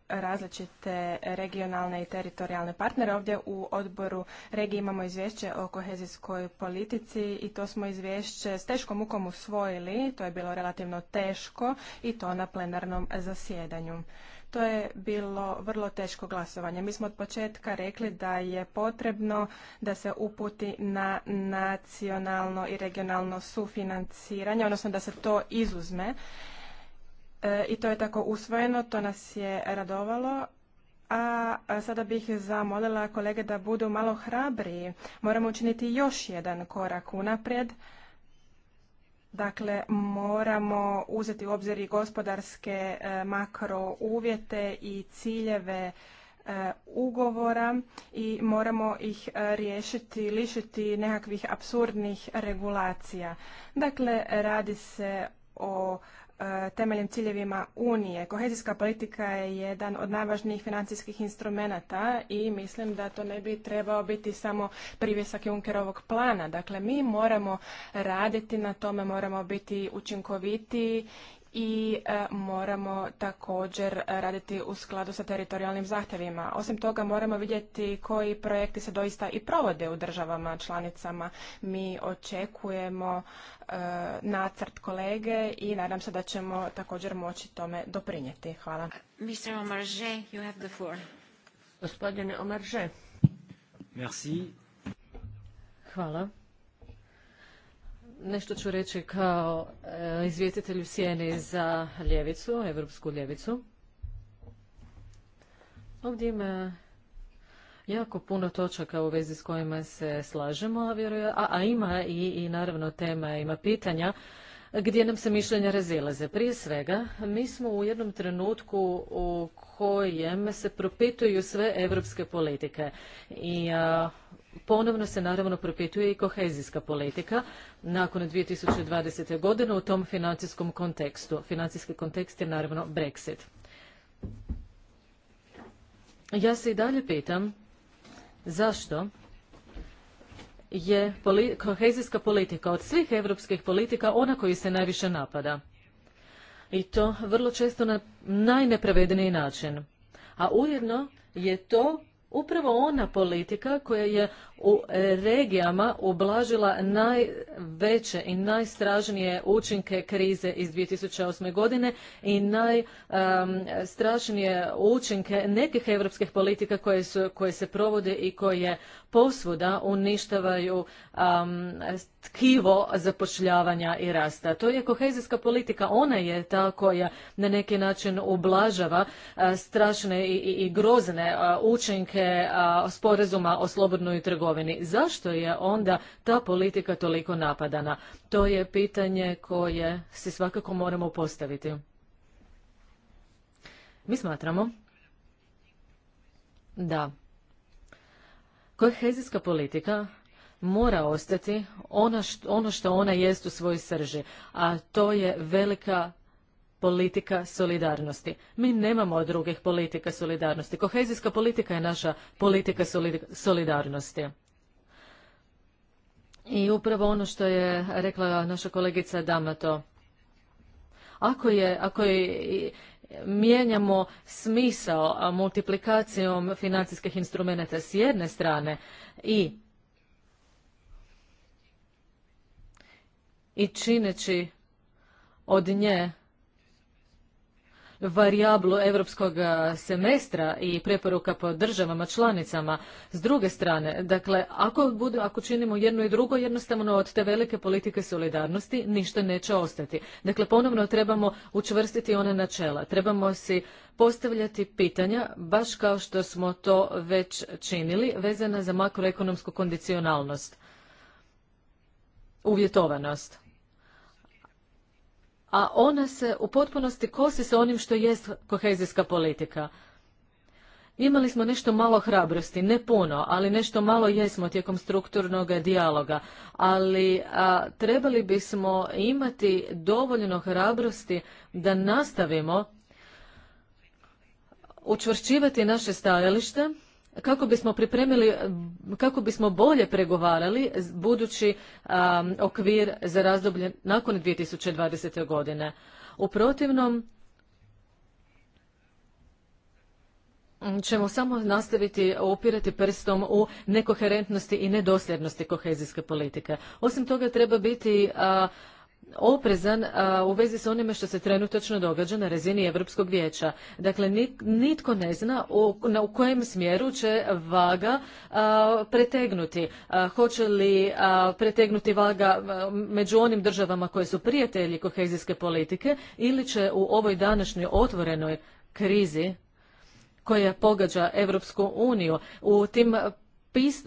različite regionalne i teritorijalne partnere. Ovdje u odboru regije imamo izvješće o kohezijskoj politici i to smo izvješće s teškom ukom usvojili. To je bilo relativno teško i to na plenarnom zasjedanju. To je bilo vrlo teško glasovanje. Mi smo od početka rekli da je potrebno da se uputi na nacionalno i regionalno sufinanciranje, odnosno da se to izuzme E, I to je tako usvojeno, to nas je radovalo. A, sada bih zamolila kolege da budu malo hrabriji. Moramo učiniti još jedan korak unaprijed. Dakle, moramo uzeti u obzir i gospodarske makrouvjete makro uvjete i ciljeve e, ugovora i moramo ih e, riješiti, lišiti nekakvih apsurdnih regulacija. Dakle, radi se o E, temeljnim ciljevima Unije. Kohezijska politika je jedan od najvažnijih financijskih instrumenata i mislim da to ne bi trebao biti samo privjesak Junkerovog plana. Dakle, mi moramo raditi na tome, moramo biti učinkovitiji i e, moramo također raditi u skladu sa teritorijalnim zahtjevima. Osim toga moramo vidjeti koji projekti se doista i provode u državama članicama. Mi očekujemo e, nacrt kolege i nadam se da ćemo također moći tome doprinijeti. Hvala. Mr. you have the floor. Gospodine Omarže. Merci. Hvala. Nešto ću reći kao e, izvjestitelju sjeni za ljevicu, evropsku ljevicu. Ovdje ima jako puno točaka u vezi s kojima se slažemo, a, a ima i, i naravno tema, ima pitanja gdje nam se mišljenja razilaze. Prije svega, mi smo u jednom trenutku u kojem se propituju sve europske politike i ponovno se naravno propituje i kohezijska politika nakon 2020. godine u tom financijskom kontekstu. Financijski kontekst je naravno Brexit. Ja se i dalje pitam zašto je kohezijska politika od svih europskih politika ona koju se najviše napada. I to vrlo često na najnepravedniji način. A ujedno je to upravo ona politika koja je u regijama ublažila najveće i najstražnije učinke krize iz 2008. godine i najstrašnije učinke nekih evropskih politika koje, koje se provode i koje posvuda uništavaju tkivo zapošljavanja i rasta. To je kohezijska politika, ona je ta koja na neki način ublažava strašne i, grozne učinke sporazuma o slobodnoj trgovini. Zašto je onda ta politika toliko napadana? To je pitanje koje si svakako moramo postaviti. Mi smatramo da Kohezijska politika mora ostati ono, ono što, ona jest u svojoj srži, a to je velika politika solidarnosti. Mi nemamo drugih politika solidarnosti. Kohezijska politika je naša politika solidarnosti. I upravo ono što je rekla naša kolegica Damato, ako je, ako je mijenjamo smisao multiplikacijom financijskih instrumenata s jedne strane i i čineći od nje varijablu evropskog semestra i preporuka po državama članicama. S druge strane, dakle, ako, budu, ako činimo jedno i drugo, jednostavno od te velike politike solidarnosti ništa neće ostati. Dakle, ponovno trebamo učvrstiti one načela. Trebamo si postavljati pitanja, baš kao što smo to već činili, vezana za makroekonomsku kondicionalnost, uvjetovanost a ona se u potpunosti kosi sa onim što jest kohezijska politika. Imali smo nešto malo hrabrosti, ne puno, ali nešto malo jesmo tijekom strukturnog dijaloga, ali trebali bismo imati dovoljno hrabrosti da nastavimo učvršćivati naše stajalište kako bismo pripremili, kako bismo bolje pregovarali budući um, okvir za razdoblje nakon 2020. godine. U protivnom ćemo samo nastaviti opirati prstom u nekoherentnosti i nedosljednosti kohezijske politike. Osim toga treba biti uh, oprezan u vezi s onime što se trenutačno događa na razini Europskog vijeća. Dakle, nitko ne zna u, kojem smjeru će vaga pretegnuti. hoće li pretegnuti vaga među onim državama koje su prijatelji kohezijske politike ili će u ovoj današnjoj otvorenoj krizi koja pogađa Europsku uniju u tim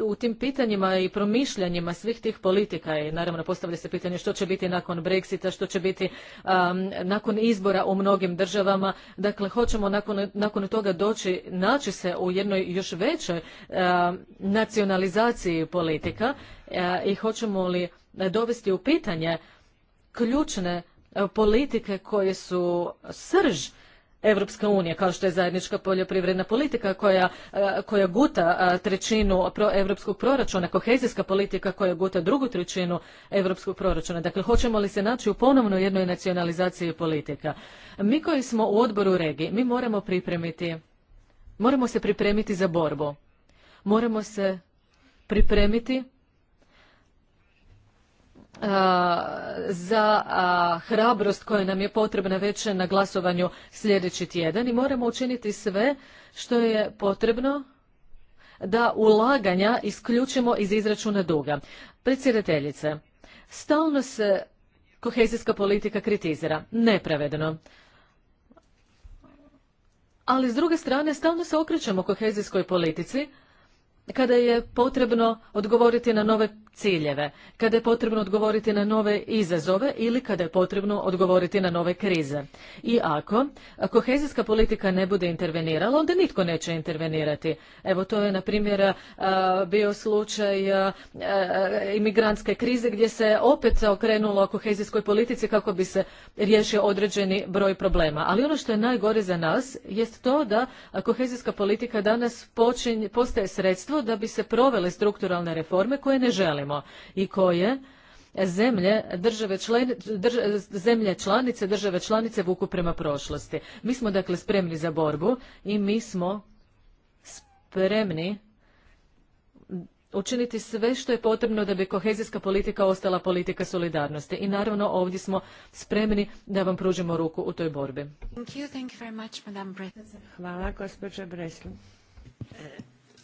u tim pitanjima i promišljanjima svih tih politika i naravno postavlja se pitanje što će biti nakon Brexita, što će biti nakon izbora u mnogim državama. Dakle, hoćemo nakon, nakon toga doći, naći se u jednoj još većoj nacionalizaciji politika e, i hoćemo li dovesti u pitanje ključne e, politike koje su srž Evropska unija, kao što je zajednička poljoprivredna politika koja, e, guta e, trećinu europskog evropskog proračuna, kohezijska politika koja guta drugu trećinu evropskog proračuna. Dakle, hoćemo li se naći u ponovno jednoj nacionalizaciji politika? Mi koji smo u odboru regiji, mi moramo pripremiti, moramo se pripremiti za borbu. Moramo se pripremiti za hrabrost koja nam je potrebna već na glasovanju sljedeći tjedan i moramo učiniti sve što je potrebno da ulaganja isključimo iz izračuna duga. Predsjedateljice, stalno se kohezijska politika kritizira, nepravedno. Ali s druge strane, stalno se okrećemo kohezijskoj politici kada je potrebno odgovoriti na nove ciljeve, kada je potrebno odgovoriti na nove izazove ili kada je potrebno odgovoriti na nove krize. I ako kohezijska politika ne bude intervenirala, onda nitko neće intervenirati. Evo to je na primjer bio slučaj imigrantske krize gdje se opet okrenulo kohezijskoj politici kako bi se riješio određeni broj problema. Ali ono što je najgore za nas jest to da kohezijska politika danas počinje, postaje sredstvo da bi se provele strukturalne reforme koje ne želimo i koje zemlje, države članice, države članice vuku prema prošlosti. Mi smo dakle spremni za borbu i mi smo spremni učiniti sve što je potrebno da bi kohezijska politika ostala politika solidarnosti. I naravno ovdje smo spremni da vam pružimo ruku u toj borbi. Hvala, gospođa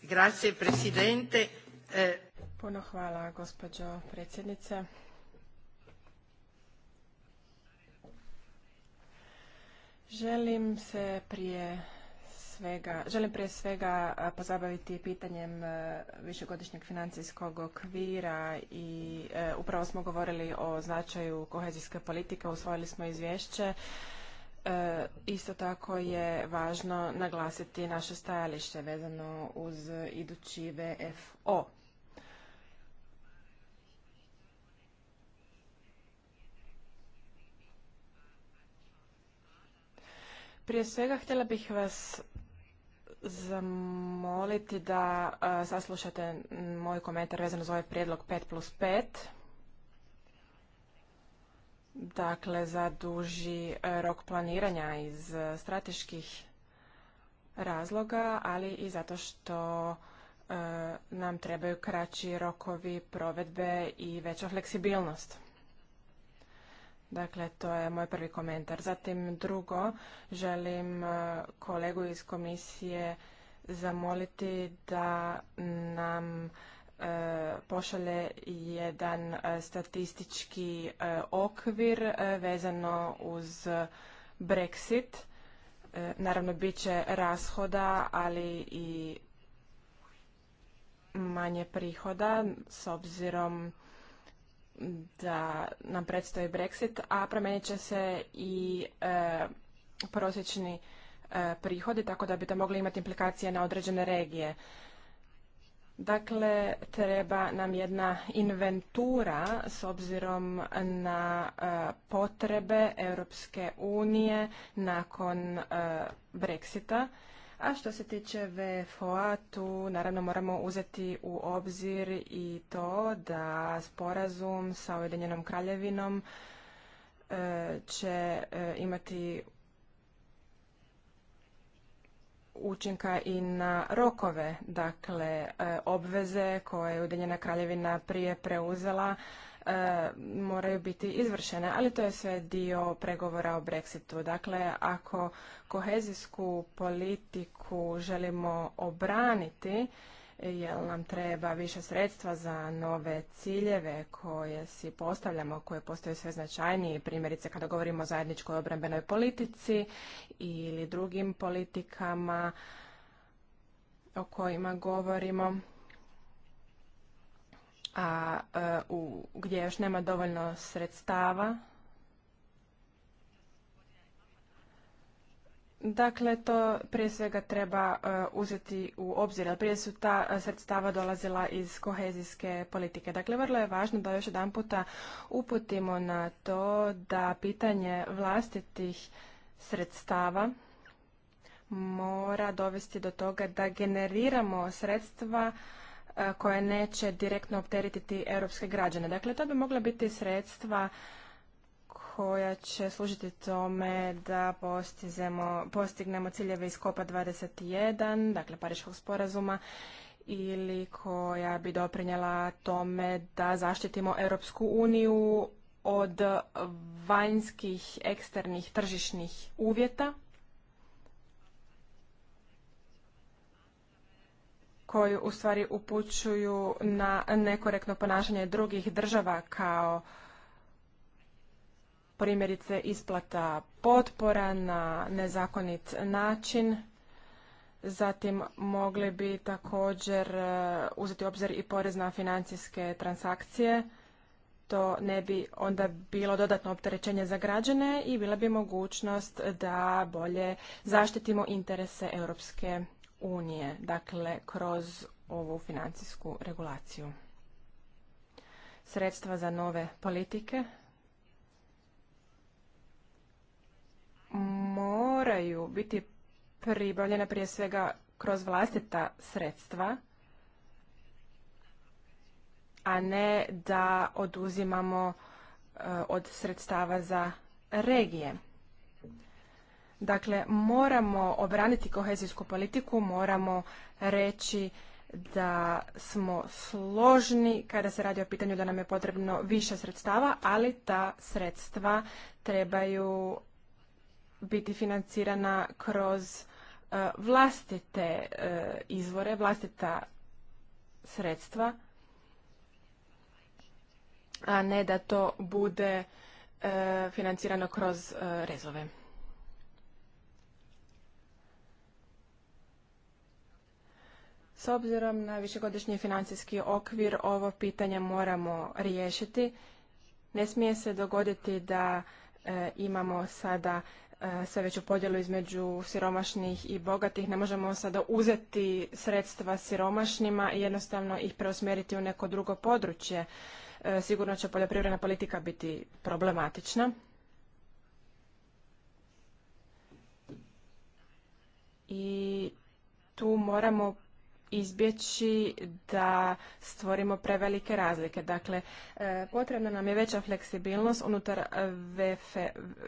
Grazie, presidente. Eh, Puno hvala, gospođo predsjednice. Želim se prije svega, želim pozabaviti pitanjem e, višegodišnjeg financijskog okvira i e, upravo smo govorili o značaju kohezijske politike, usvojili smo izvješće. E, isto tako je važno naglasiti naše stajalište vezano uz idući VFO. Prije svega htjela bih vas zamoliti da e, saslušate moj komentar vezano za ovaj prijedlog 5 plus dakle za e, rok planiranja iz e, strateških razloga, ali i zato što e, nam trebaju kraći rokovi provedbe i veća fleksibilnost. Dakle, to je moj prvi komentar. Zatim drugo, želim kolegu iz komisije zamoliti da nam E, pošalje jedan e, statistički e, okvir vezano uz Brexit. Naravno, bit će rashoda, ali i manje prihoda s obzirom da nam predstoji Brexit, a promijenit će se i prosječni prihodi, tako da bi to mogli imati implikacije na određene regije. Dakle, treba nam jedna inventura s obzirom na e, potrebe Europske unije nakon e, Brexita. A što se tiče VFO-a, tu naravno moramo uzeti u obzir i to da sporazum sa Ujedinjenom kraljevinom e, će imati učinka i na rokove, dakle e, obveze koje je Ujedinjena kraljevina prije preuzela e, moraju biti izvršene, ali to je sve dio pregovora o Brexitu. Dakle, ako kohezijsku politiku želimo obraniti, jel nam treba više sredstva za nove ciljeve koje si postavljamo, koje postaju sve značajnije? primjerice kada govorimo o zajedničkoj obrambenoj politici ili drugim politikama o kojima govorimo a e, u, gdje još nema dovoljno sredstava Dakle, to prije svega treba e, uzeti u obzir, ali prije su ta e, sredstava dolazila iz kohezijske politike. Dakle, vrlo je važno da još jedan puta uputimo na to da pitanje vlastitih sredstava mora dovesti do toga da generiramo sredstva e, koja neće direktno opteretiti europske građane. Dakle, to bi mogla biti sredstva koja će služiti tome da postignemo ciljeve iz Kopa 21, dakle Pariškog sporazuma, ili koja bi doprinjela tome da zaštitimo Europsku uniju od vanjskih eksternih tržišnih uvjeta koji u stvari upućuju na nekorektno ponašanje drugih država kao primjerice isplata potpora na nezakonit način. Zatim mogli bi također e, uzeti obzir i porez na financijske transakcije. To ne bi onda bilo dodatno opterećenje za građane i bila bi mogućnost da bolje zaštitimo interese Europske unije, dakle kroz ovu financijsku regulaciju. Sredstva za nove politike moraju biti pribavljena prije svega kroz vlastita sredstva, a ne da oduzimamo e, od sredstava za regije. Dakle, moramo obraniti kohezijsku politiku, moramo reći da smo složni kada se radi o pitanju da nam je potrebno više sredstava, ali ta sredstva trebaju biti financirana kroz e, vlastite e, izvore, vlastita sredstva, a ne da to bude e, financirano kroz rezove. S obzirom na višegodišnji financijski okvir ovo pitanje moramo riješiti. Ne smije se dogoditi da imamo sada E, sve veću podjelu između siromašnih i bogatih. Ne možemo sada uzeti sredstva siromašnima i jednostavno ih preusmjeriti u neko drugo područje. E, sigurno će poljoprivredna politika biti problematična. I tu moramo izbjeći da stvorimo prevelike razlike. Dakle, e, potrebna nam je veća fleksibilnost unutar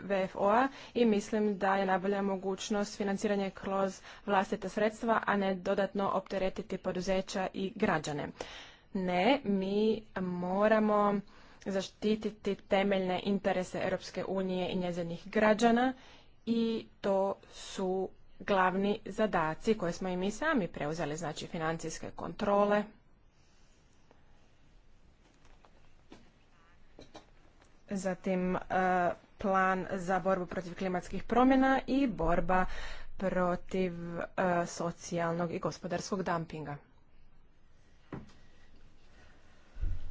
VFO-a i mislim da je najbolja mogućnost financiranje kroz vlastita sredstva, a ne dodatno opteretiti poduzeća i građane. Ne, mi moramo zaštititi temeljne interese Europske unije i njezinih građana i to su glavni zadaci koje smo i mi sami preuzeli, znači financijske kontrole, zatim e, plan za borbu protiv klimatskih promjena i borba protiv e, socijalnog i gospodarskog dumpinga.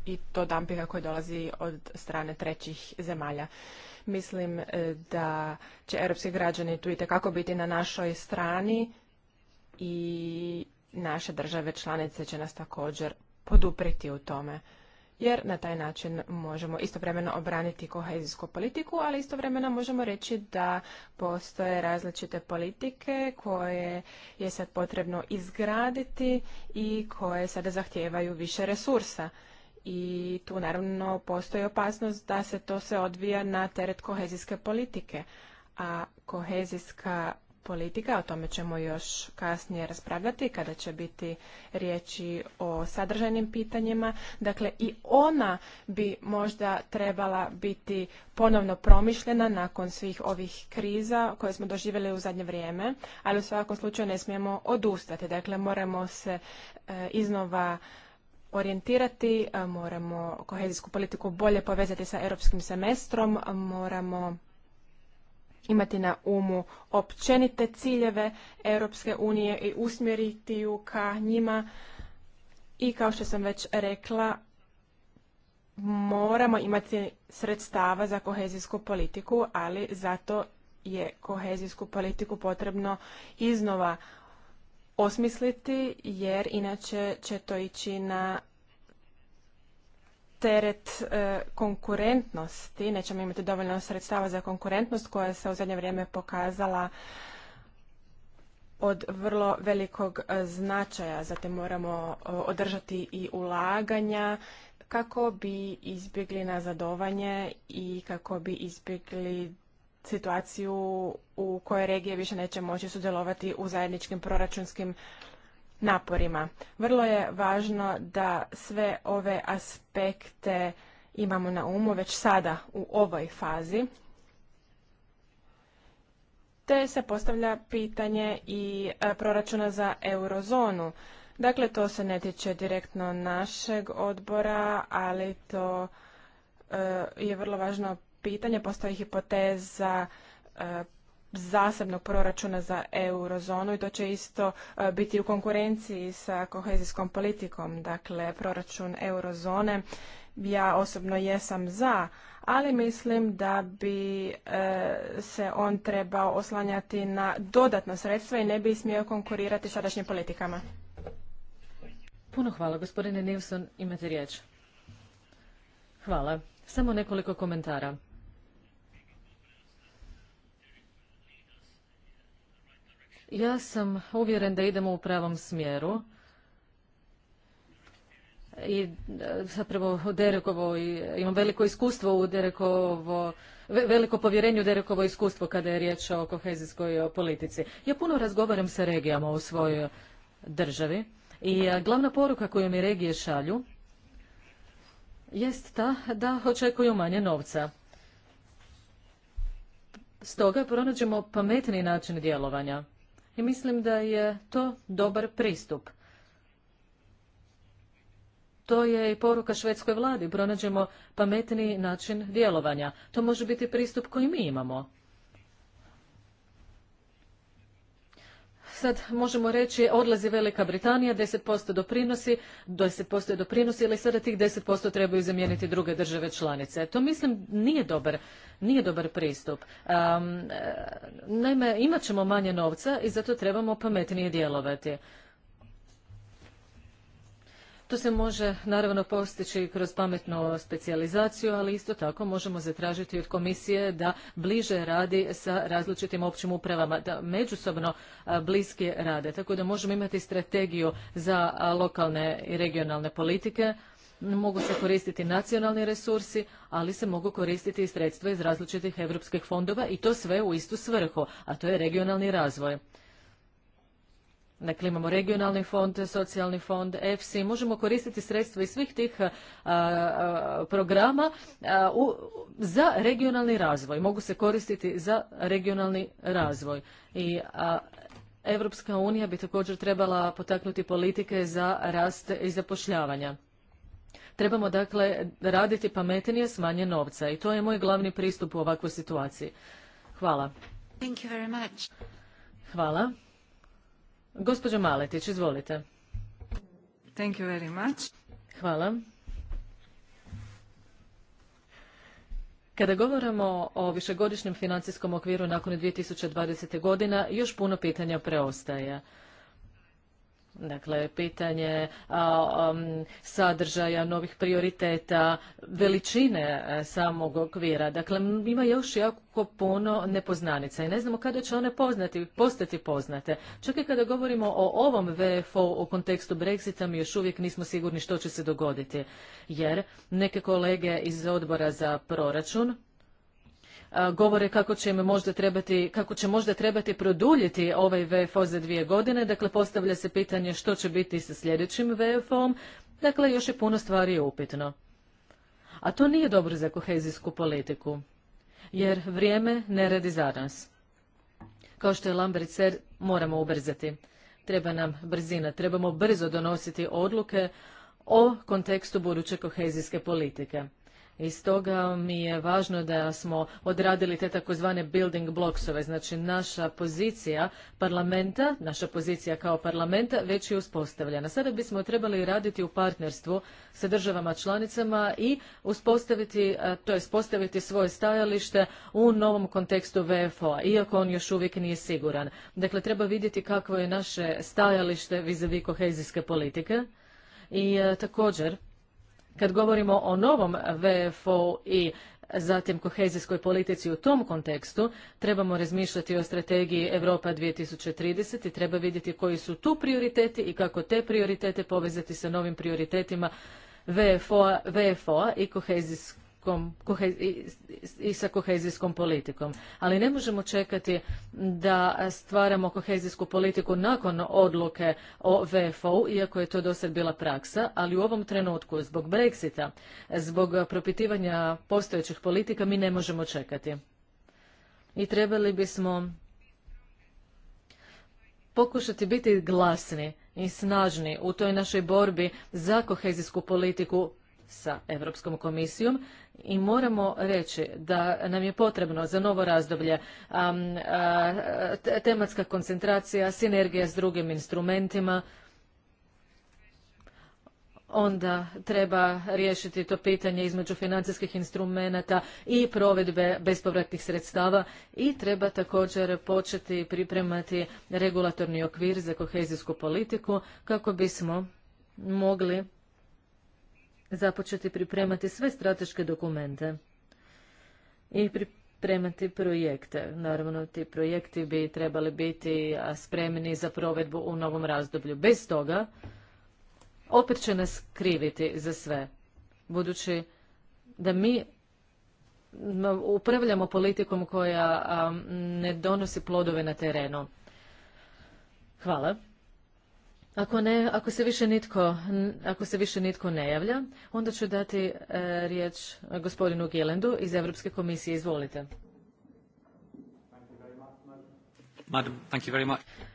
i to dampinga koji dolazi od strane trećih zemalja. Mislim e, da će europski građani tu i tekako biti na našoj strani i naše države članice će nas također podupriti u tome. Jer na taj način možemo istovremeno obraniti kohezijsku politiku, ali istovremeno možemo reći da postoje različite politike koje je sad potrebno izgraditi i koje sada zahtijevaju više resursa i tu naravno postoji opasnost da se to sve odvija na teret kohezijske politike. A kohezijska politika, o tome ćemo još kasnije raspravljati kada će biti riječi o sadržajnim pitanjima. Dakle, i ona bi možda trebala biti ponovno promišljena nakon svih ovih kriza koje smo doživjeli u zadnje vrijeme, ali u svakom slučaju ne smijemo odustati. Dakle, moramo se e, iznova orijentirati, e, moramo kohezijsku politiku bolje povezati sa europskim semestrom, moramo imati na umu općenite ciljeve Europske unije i usmjeriti ju ka njima. I kao što sam već rekla, moramo imati sredstava za kohezijsku politiku, ali zato je kohezijsku politiku potrebno iznova osmisliti jer inače će to ići na teret e, konkurentnosti, nećemo imati dovoljno sredstava za konkurentnost koja se u zadnje vrijeme pokazala od vrlo velikog e, značaja. Zatim moramo e, održati i ulaganja kako bi izbjegli nazadovanje i kako bi izbjegli situaciju u kojoj regije više neće moći sudjelovati u zajedničkim proračunskim naporima. Vrlo je važno da sve ove aspekte imamo na umu već sada u ovoj fazi. Te se postavlja pitanje i e, proračuna za eurozonu. Dakle, to se ne tiče direktno našeg odbora, ali to e, je vrlo važno pitanje, postoji hipoteza e, zasebnog proračuna za eurozonu i to će isto e, biti u konkurenciji sa kohezijskom politikom, dakle proračun eurozone. Ja osobno jesam za, ali mislim da bi e, se on trebao oslanjati na dodatno sredstva i ne bi smio konkurirati sadašnjim politikama. Puno hvala, gospodine Nilsson, imate riječ. Hvala. Samo nekoliko komentara. Ja sam uvjeren da idemo u pravom smjeru. I e, zapravo Derekovo, imam veliko iskustvo u Derekovo, veliko povjerenje u Derekovo iskustvo kada je riječ o kohezijskoj e, politici. Ja puno razgovaram sa regijama u svojoj državi i e, glavna poruka koju mi regije šalju jest ta da očekuju manje novca. Stoga pronađemo pametni način djelovanja i mislim da je to dobar pristup. To je i poruka švedskoj vladi, pronađemo pametniji način djelovanja. To može biti pristup koji mi imamo. sad možemo reći odlazi Velika Britanija, 10% doprinosi, 10% je doprinosi ali sada tih 10% trebaju zamijeniti druge države članice. To mislim nije dobar, nije dobar pristup. E, naime, imat ćemo manje novca i zato trebamo pametnije djelovati. To se može naravno postići kroz pametnu specijalizaciju, ali isto tako možemo zatražiti od komisije da bliže radi sa različitim općim upravama, da međusobno bliski rade. Tako da možemo imati strategiju za lokalne i regionalne politike, mogu se koristiti nacionalni resursi, ali se mogu koristiti i sredstva iz različitih europskih fondova i to sve u istu svrhu, a to je regionalni razvoj. Dakle, imamo regionalni fond, socijalni fond, EFSI, možemo koristiti sredstva iz svih tih programa za regionalni razvoj. Mogu se koristiti za regionalni razvoj. I Evropska unija bi također trebala potaknuti politike za rast i zapošljavanja. Trebamo dakle raditi pametnije s manje novca i to je moj glavni pristup u ovakvoj situaciji. Hvala. Hvala. Gospođo Maletić, izvolite. Thank you very much. Hvala. Kada govorimo o višegodišnjem financijskom okviru nakon 2020. godina, još puno pitanja preostaje. Dakle, pitanje sadržaja novih prioriteta, veličine e, samog okvira. Dakle, ima još jako puno nepoznanica i ne znamo kada će one poznati, postati poznate. Čak i kada govorimo o ovom VFO u kontekstu Brexita, mi još uvijek nismo sigurni što će se dogoditi. Jer neke kolege iz odbora za proračun govore kako će im možda trebati, kako trebati produljiti ovaj VFO za dvije godine. Dakle, postavlja se pitanje što će biti sa sljedećim VFO-om. Dakle, još je puno stvari upitno. A to nije dobro za kohezijsku politiku, jer vrijeme ne radi za nas. Kao što je Lambert moramo ubrzati. Treba nam brzina, trebamo brzo donositi odluke o kontekstu buduće kohezijske politike. I stoga mi je važno da smo odradili te takozvane building blocksove znači naša pozicija parlamenta, naša pozicija kao parlamenta već je uspostavljena. Sada bismo trebali raditi u partnerstvu sa državama članicama i uspostaviti, e, to je postaviti svoje stajalište u novom kontekstu VFO-a, iako on još uvijek nije siguran. Dakle, treba vidjeti kakvo je naše stajalište vis -vis kohezijske politike i e, također kad govorimo o novom VFO i zatim kohezijskoj politici u tom kontekstu, trebamo razmišljati o strategiji Europa 2030 i treba vidjeti koji su tu prioriteti i kako te prioritete povezati sa novim prioritetima VFO-a i kohezijske i sa kohezijskom politikom. Ali ne možemo čekati da stvaramo kohezijsku politiku nakon odluke o VFO, iako je to dosad bila praksa, ali u ovom trenutku zbog Brexita, zbog propitivanja postojećih politika mi ne možemo čekati. I trebali bismo pokušati biti glasni i snažni u toj našoj borbi za kohezijsku politiku sa Europskom komisijom i moramo reći da nam je potrebno za novo razdoblje um, uh, tematska koncentracija, sinergija s drugim instrumentima, onda treba riješiti to pitanje između financijskih instrumenata i provedbe bespovratnih sredstava i treba također početi pripremati regulatorni okvir za kohezijsku politiku kako bismo mogli započeti pripremati sve strateške dokumente i pripremati projekte. Naravno, ti projekti bi trebali biti spremni za provedbu u novom razdoblju. Bez toga, opet će nas kriviti za sve, budući da mi upravljamo politikom koja ne donosi plodove na terenu. Hvala. Ako, ako, se više nitko, ako se više nitko ne javlja, onda ću dati e, riječ e, gospodinu Gilendu iz Europske komisije. Izvolite.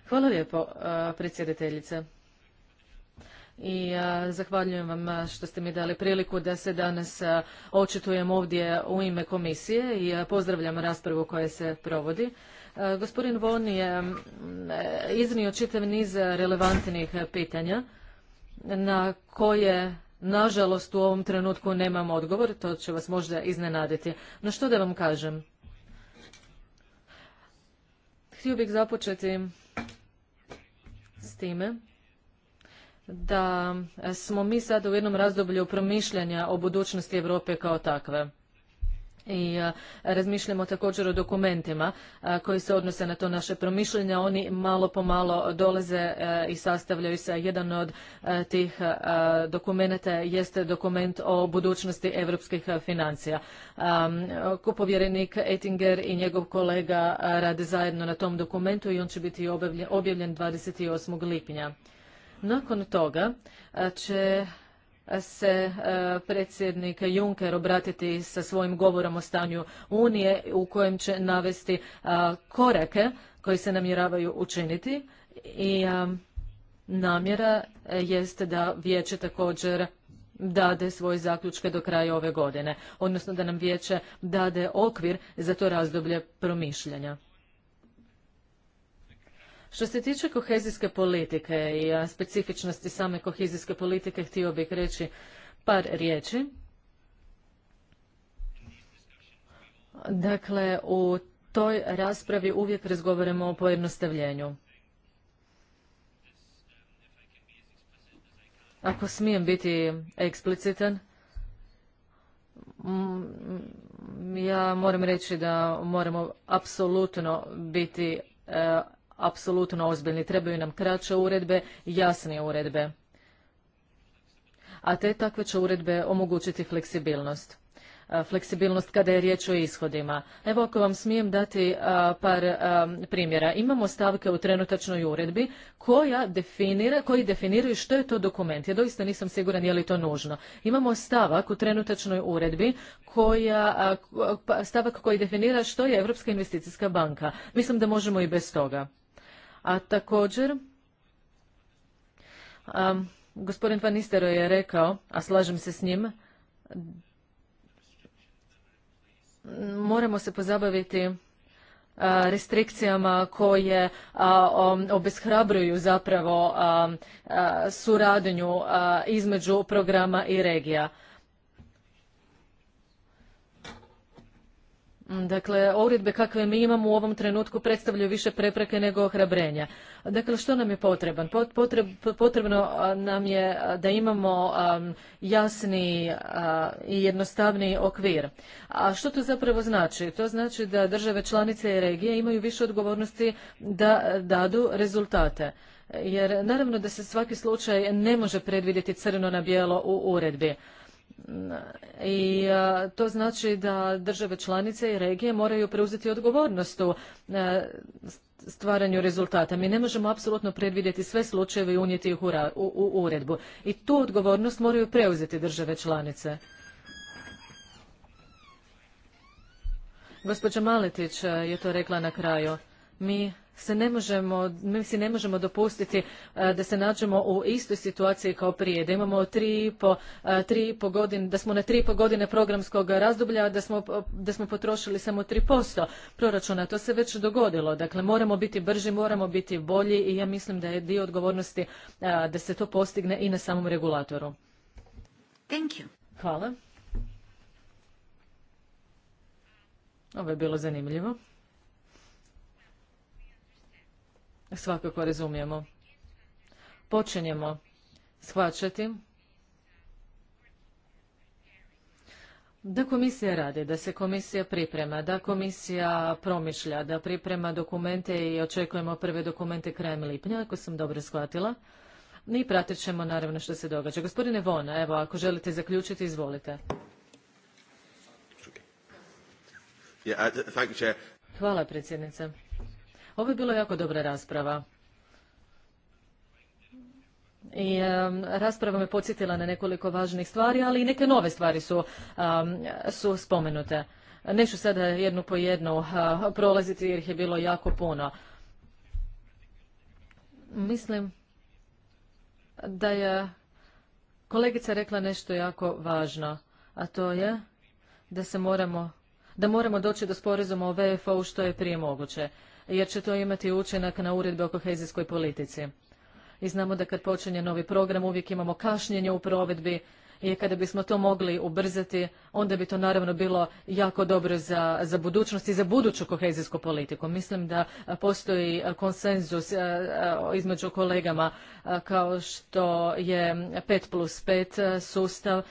Hvala lijepo, e, predsjedateljice. I zahvaljujem vam što ste mi dali priliku da se danas očitujem ovdje u ime komisije i pozdravljam raspravu koja se provodi. E, gospodin Von je mm, e, iznio čitav niz relevantnih pitanja na koje nažalost u ovom trenutku nemam odgovor, to će vas možda iznenaditi. No što da vam kažem? Htio bih započeti s time da smo mi sada u jednom razdoblju promišljanja o budućnosti Europe kao takve i e, razmišljamo također o dokumentima e, koji se odnose na to naše promišljanje. Oni malo po malo dolaze e, i sastavljaju se. Jedan od tih dokumenata jeste dokument o budućnosti evropskih financija. Kupovjerenik Ettinger i njegov kolega rade zajedno na tom dokumentu i on će biti objavljen 28. lipnja. Nakon toga će se e, predsjednik Juncker obratiti sa svojim govorom o stanju Unije u kojem će navesti e, korake koji se namjeravaju učiniti i e, namjera jest da vijeće također dade svoje zaključke do kraja ove godine, odnosno da nam vijeće dade okvir za to razdoblje promišljanja. Što se tiče kohezijske politike i specifičnosti same kohezijske politike, htio bih reći par riječi. Dakle, u toj raspravi uvijek razgovaramo o pojednostavljenju. Ako smijem biti eksplicitan, ja moram reći da moramo apsolutno biti e, apsolutno ozbiljni. Trebaju nam kraće uredbe, jasnije uredbe. A te takve će uredbe omogućiti fleksibilnost. E, fleksibilnost kada je riječ o ishodima. Evo ako vam smijem dati e, par e, primjera. Imamo stavke u trenutačnoj uredbi koja definira, koji definiraju što je to dokument. Ja doista nisam siguran je li to nužno. Imamo stavak u trenutačnoj uredbi koja, pa, stavak koji definira što je Europska investicijska banka. Mislim da možemo i bez toga. A također, gospodin Van je rekao, a slažem se s njim, moramo se pozabaviti restrikcijama koje obeshrabruju zapravo suradnju između programa i regija. Dakle, uredbe kakve mi imamo u ovom trenutku predstavljaju više prepreke nego ohrabrenja. Dakle, što nam je potreban? potrebno nam je da imamo jasni i jednostavni okvir. A što to zapravo znači? To znači da države članice i regije imaju više odgovornosti da dadu rezultate. Jer naravno da se svaki slučaj ne može predvidjeti crno na bijelo u uredbi. I e, to znači da države članice i regije moraju preuzeti odgovornost u e, stvaranju rezultata. Mi ne možemo apsolutno predvidjeti sve slučajeve i unijeti ih u, u uredbu. I tu odgovornost moraju preuzeti države članice. Gospođa Maletić e, je to rekla na kraju. Mi se ne možemo, mi si ne možemo dopustiti e, da se nađemo u istoj situaciji kao prije, da imamo tri e, i godine, da smo na tri i po godine programskog razdoblja, da smo, da smo potrošili samo 3% proračuna. To se već dogodilo. Dakle, moramo biti brži, moramo biti bolji i ja mislim da je dio odgovornosti e, da se to postigne i na samom regulatoru. Thank you. Hvala. Ovo je bilo zanimljivo. svakako razumijemo. Počinjemo shvaćati da komisija radi, da se komisija priprema, da komisija promišlja, da priprema dokumente i očekujemo prve dokumente krajem lipnja, ako sam dobro shvatila. Mi pratit ćemo naravno što se događa. Gospodine Vona, evo, ako želite zaključiti, izvolite. Hvala predsjednice. Ovo je bilo jako dobra rasprava. I rasprava me podsjetila na nekoliko važnih stvari, ali i neke nove stvari su, su spomenute. Neću sada jednu po jednu eh, prolaziti jer ih je bilo jako puno. Mislim da je kolegica rekla nešto jako važno, a to je da se moramo da moramo doći do sporazuma o VFO što je prije moguće jer će to imati učinak na uredbe o kohezijskoj politici. I znamo da kad počinje novi program uvijek imamo kašnjenje u provedbi i kada bismo to mogli ubrzati, onda bi to naravno bilo jako dobro za, budućnost i za buduću kohezijsku politiku. Mislim da postoji konsenzus e, e, između kolegama e, kao što je 5 plus 5 sustav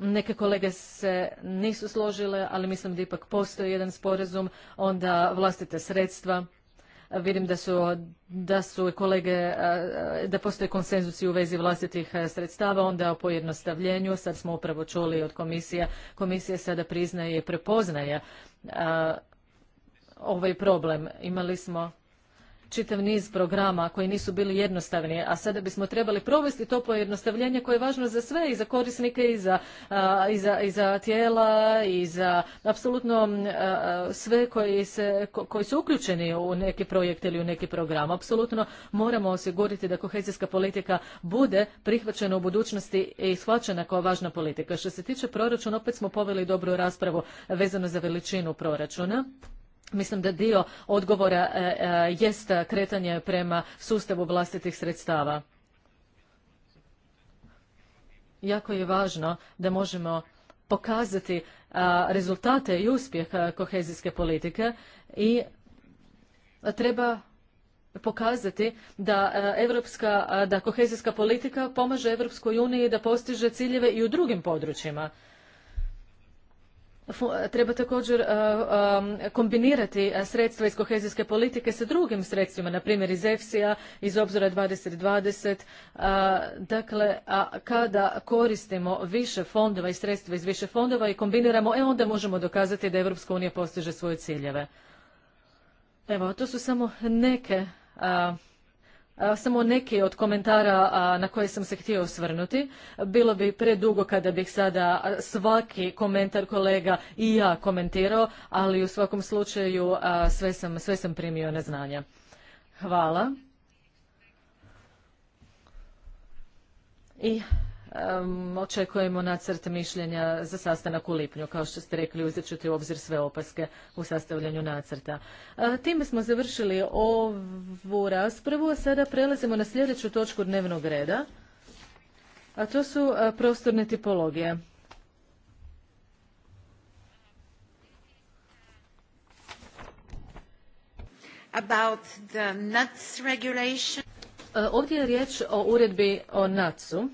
neke kolege se nisu složile, ali mislim da ipak postoji jedan sporazum, onda vlastite sredstva. Vidim da su, da su kolege, eh, da postoje konsenzusi u vezi vlastitih eh, sredstava, onda o pojednostavljenju, sad smo upravo čuli od komisija, komisija sada priznaje i prepoznaje eh, ovaj problem. Imali smo čitav niz programa koji nisu bili jednostavni, a sada bismo trebali provesti to pojednostavljenje koje je važno za sve i za korisnike i za, i za, i za tijela i za apsolutno sve koji, koji su uključeni u neki projekt ili u neki program. Apsolutno moramo osigurati da kohezijska politika bude prihvaćena u budućnosti i shvaćena kao važna politika. Što se tiče proračuna, opet smo poveli dobru raspravu vezano za veličinu proračuna. Mislim da dio odgovora e, e, jest kretanje prema sustavu vlastitih sredstava. Jako je važno da možemo pokazati e, rezultate i uspjeh kohezijske politike i treba pokazati da evropska, da kohezijska politika pomaže Europskoj uniji da postiže ciljeve i u drugim područjima treba također e, e, kombinirati sredstva iz kohezijske politike sa drugim sredstvima, na primjer iz EFSI-a, iz obzora 2020. E, dakle, a kada koristimo više fondova i sredstva iz više fondova i kombiniramo, e onda možemo dokazati da Europska unija postiže svoje ciljeve. Evo, to su samo neke samo neki od komentara na koje sam se htio osvrnuti. Bilo bi predugo kada bih sada svaki komentar kolega i ja komentirao, ali u svakom slučaju sve sam, sve sam primio na znanje. Hvala. I očekujemo nacrt mišljenja za sastanak u lipnju. Kao što ste rekli, uzet ćete u obzir sve opaske u sastavljanju nacrta. E, time smo završili ovu raspravu, a sada prelazimo na sljedeću točku dnevnog reda, a to su e, prostorne tipologije. E, ovdje je riječ o uredbi o NAC-u.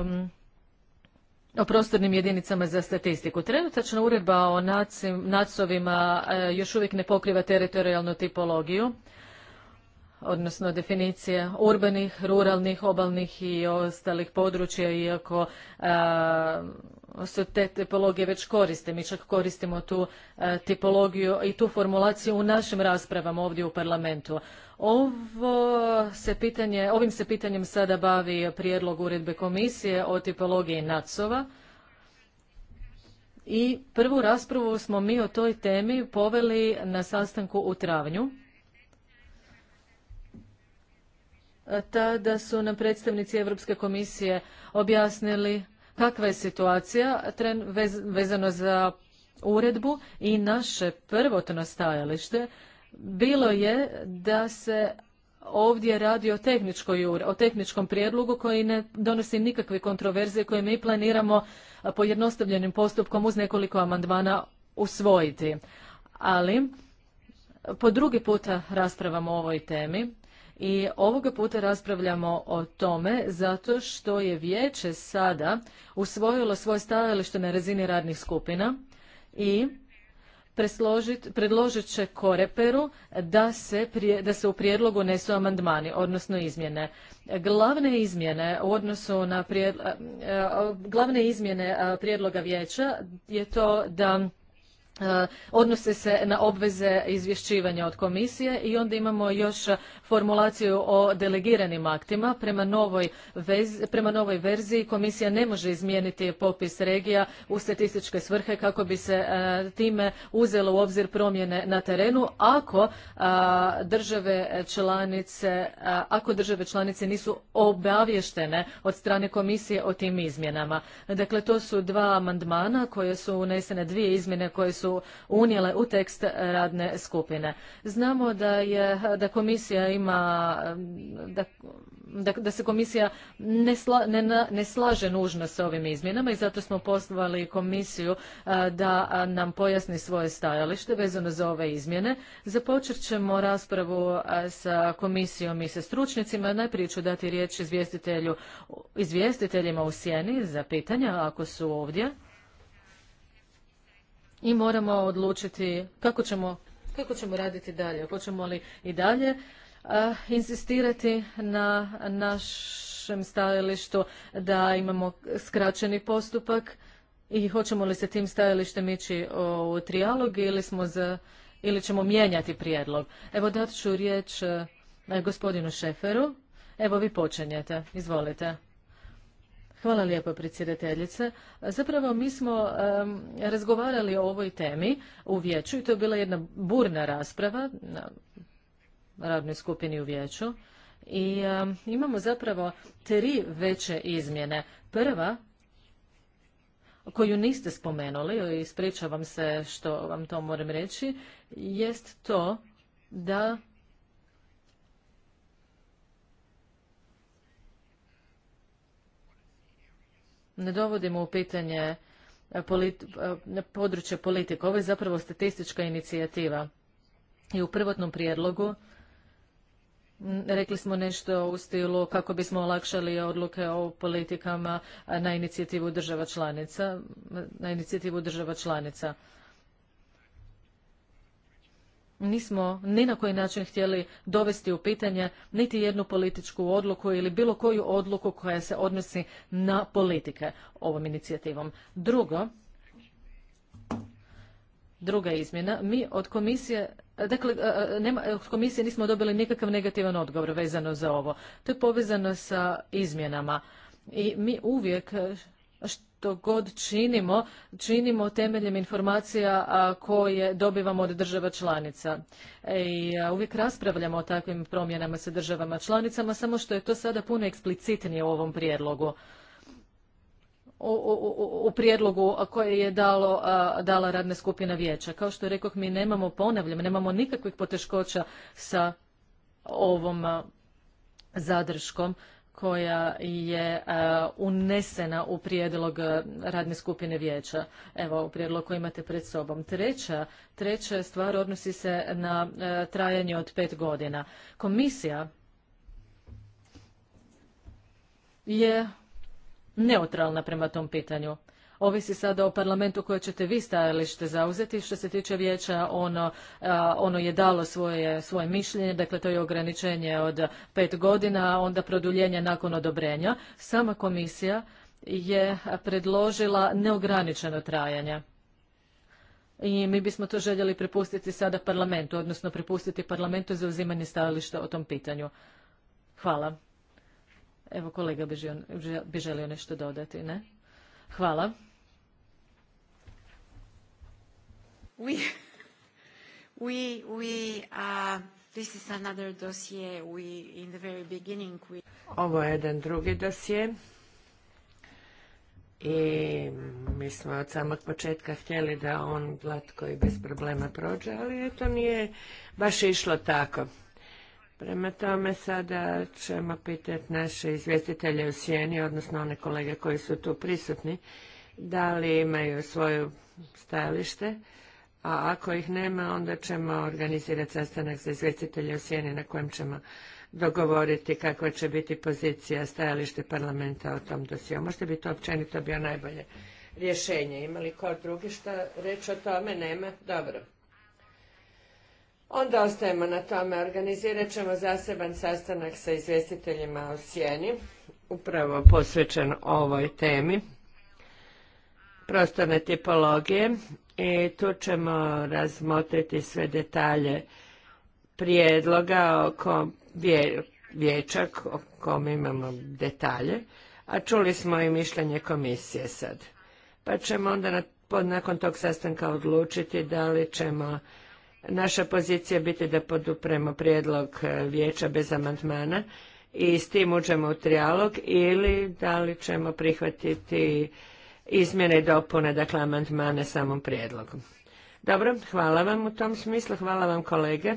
Um, o prostornim jedinicama za statistiku. Trenutačna uredba o NAC-ovima eh, još uvijek ne pokriva teritorijalnu tipologiju, odnosno definicije urbanih, ruralnih, obalnih i ostalih područja, iako eh, se te tipologije već koriste. Mi čak koristimo tu e, tipologiju i tu formulaciju u našim raspravama ovdje u parlamentu. Ovo se pitanje, ovim se pitanjem sada bavi prijedlog uredbe komisije o tipologiji NACOVA. I prvu raspravu smo mi o toj temi poveli na sastanku u travnju. Tada su nam predstavnici Europske komisije objasnili kakva je situacija vezano za uredbu i naše prvotno stajalište bilo je da se ovdje radi o, tehničkoj, o tehničkom prijedlogu koji ne donosi nikakve kontroverzije koje mi planiramo pojednostavljenim postupkom uz nekoliko amandmana usvojiti. Ali po drugi puta raspravamo o ovoj temi i ovoga puta raspravljamo o tome zato što je vijeće sada usvojilo svoje stajalište na razini radnih skupina i predložit će koreperu da se, da se u prijedlogu unesu amandmani, odnosno izmjene. Glavne izmjene u odnosu na e, e, glavne izmjene e, prijedloga vijeća je to da E, odnose se na obveze izvješćivanja od komisije i onda imamo još formulaciju o delegiranim aktima. Prema novoj, verziji komisija ne može izmijeniti popis regija u statističke svrhe kako bi se e, time uzelo u obzir promjene na terenu ako e, države članice, ako države članice nisu obavještene od strane komisije o tim izmjenama. Dakle, to su dva amandmana koje su unesene dvije izmjene koje su unijele u tekst radne skupine. Znamo da je da komisija ima da, da, se komisija ne, ne, slaže nužno s ovim izmjenama i zato smo poslali komisiju da nam pojasni svoje stajalište vezano za ove izmjene. Započet ćemo raspravu sa komisijom i sa stručnicima. Najprije ću dati riječ izvjestitelju, izvjestiteljima u sjeni za pitanja ako su ovdje i moramo odlučiti kako ćemo, kako ćemo raditi dalje. Hoćemo li i dalje a, eh, insistirati na našem stajalištu da imamo skraćeni postupak i hoćemo li se tim stajalištem ići u trijalog ili, smo ili ćemo mijenjati prijedlog. Evo dat ću riječ a, eh, gospodinu Šeferu. Evo vi počinjete. Izvolite. Hvala lijepo, predsjedateljice. Zapravo, mi smo razgovarali o ovoj temi u vijeću i to je bila jedna burna rasprava na radnoj skupini u vijeću. I imamo zapravo tri veće izmjene. Prva, koju niste spomenuli, ispričavam se što vam to moram reći, jest to da ne dovodimo u pitanje e, e, područje politike. Ovo je zapravo statistička inicijativa. I u prvotnom prijedlogu Rekli smo nešto u stilu kako bismo olakšali odluke o politikama na inicijativu država članica. Na inicijativu država članica nismo ni na koji način htjeli dovesti u pitanje niti jednu političku odluku ili bilo koju odluku koja se odnosi na politike ovom inicijativom. Drugo, druga izmjena, mi od komisije Dakle, e, e, od komisije nismo dobili nikakav negativan odgovor vezano za ovo. To je povezano sa izmjenama. I mi uvijek što god činimo, činimo temeljem informacija koje dobivamo od država članica. E, I uvijek raspravljamo o takvim promjenama sa državama članicama, samo što je to sada puno eksplicitnije u ovom prijedlogu. U, u, u prijedlogu koje je dalo, dala radna skupina vijeća. Kao što rekoh, mi nemamo, ponavljam, nemamo nikakvih poteškoća sa ovom zadrškom koja je e, unesena u prijedlog e, radne skupine vijeća. Evo, u prijedlog koji imate pred sobom. Treća, treća stvar odnosi se na e, trajanje od pet godina. Komisija je neutralna prema tom pitanju ovisi sada o parlamentu koje ćete vi stajalište zauzeti. Što se tiče vijeća, ono, ono, je dalo svoje, svoje mišljenje, dakle to je ograničenje od pet godina, onda produljenje nakon odobrenja. Sama komisija je predložila neograničeno trajanje i mi bismo to željeli prepustiti sada parlamentu, odnosno prepustiti parlamentu za uzimanje stajališta o tom pitanju. Hvala. Evo kolega bi želio nešto dodati, ne? Hvala. ovo je jedan drugi dosje i mi smo od samog početka htjeli da on glatko i bez problema prođe, ali to nije baš išlo tako. Prema tome sada ćemo pitati naše izvjestitelje u sjeni, odnosno one kolege koji su tu prisutni, da li imaju svoje stajalište a ako ih nema onda ćemo organizirati sastanak za izvjestitelje u sjeni na kojem ćemo dogovoriti kakva će biti pozicija stajalište parlamenta o tom dosjeu Možda bi to općenito bio najbolje rješenje. Ima li ko drugi što reći o tome? Nema? Dobro. Onda ostajemo na tome. Organizirat ćemo zaseban sastanak sa izvjestiteljima o sjeni, upravo posvećen ovoj temi prostorne tipologije i e, tu ćemo razmotriti sve detalje prijedloga oko vijeća o kom imamo detalje, a čuli smo i mišljenje komisije sad. Pa ćemo onda nakon tog sastanka odlučiti da li ćemo naša pozicija biti da podupremo prijedlog e, vijeća bez amandmana i s tim uđemo u trijalog ili da li ćemo prihvatiti izmjene i dopune, dakle amandmane samom prijedlogu. Dobro, hvala vam u tom smislu, hvala vam kolege.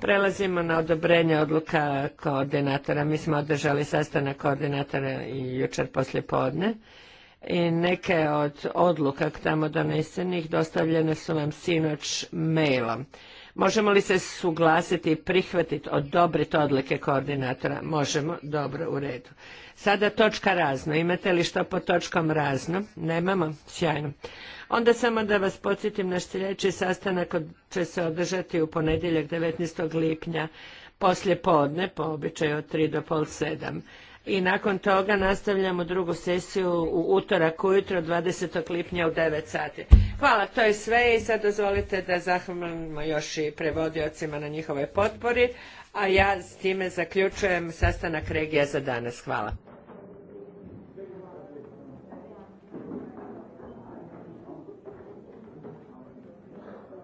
Prelazimo na odobrenje odluka koordinatora. Mi smo održali sastanak koordinatora i jučer poslijepodne. podne. I neke od odluka tamo donesenih dostavljene su vam sinoć mailom. Možemo li se suglasiti i prihvatiti odobriti odlike koordinatora? Možemo, dobro, u redu. Sada točka razno. Imate li što po točkom razno? Nemamo? Sjajno. Onda samo da vas podsjetim na sljedeći sastanak će se održati u ponedjeljak 19. lipnja poslje podne, po običaju od 3 do pol 7 i nakon toga nastavljamo drugu sesiju u utorak ujutro 20. lipnja u 9 sati. Hvala, to je sve i sad dozvolite da zahvalimo još i prevodiocima na njihovoj potpori, a ja s time zaključujem sastanak regija za danas. Hvala.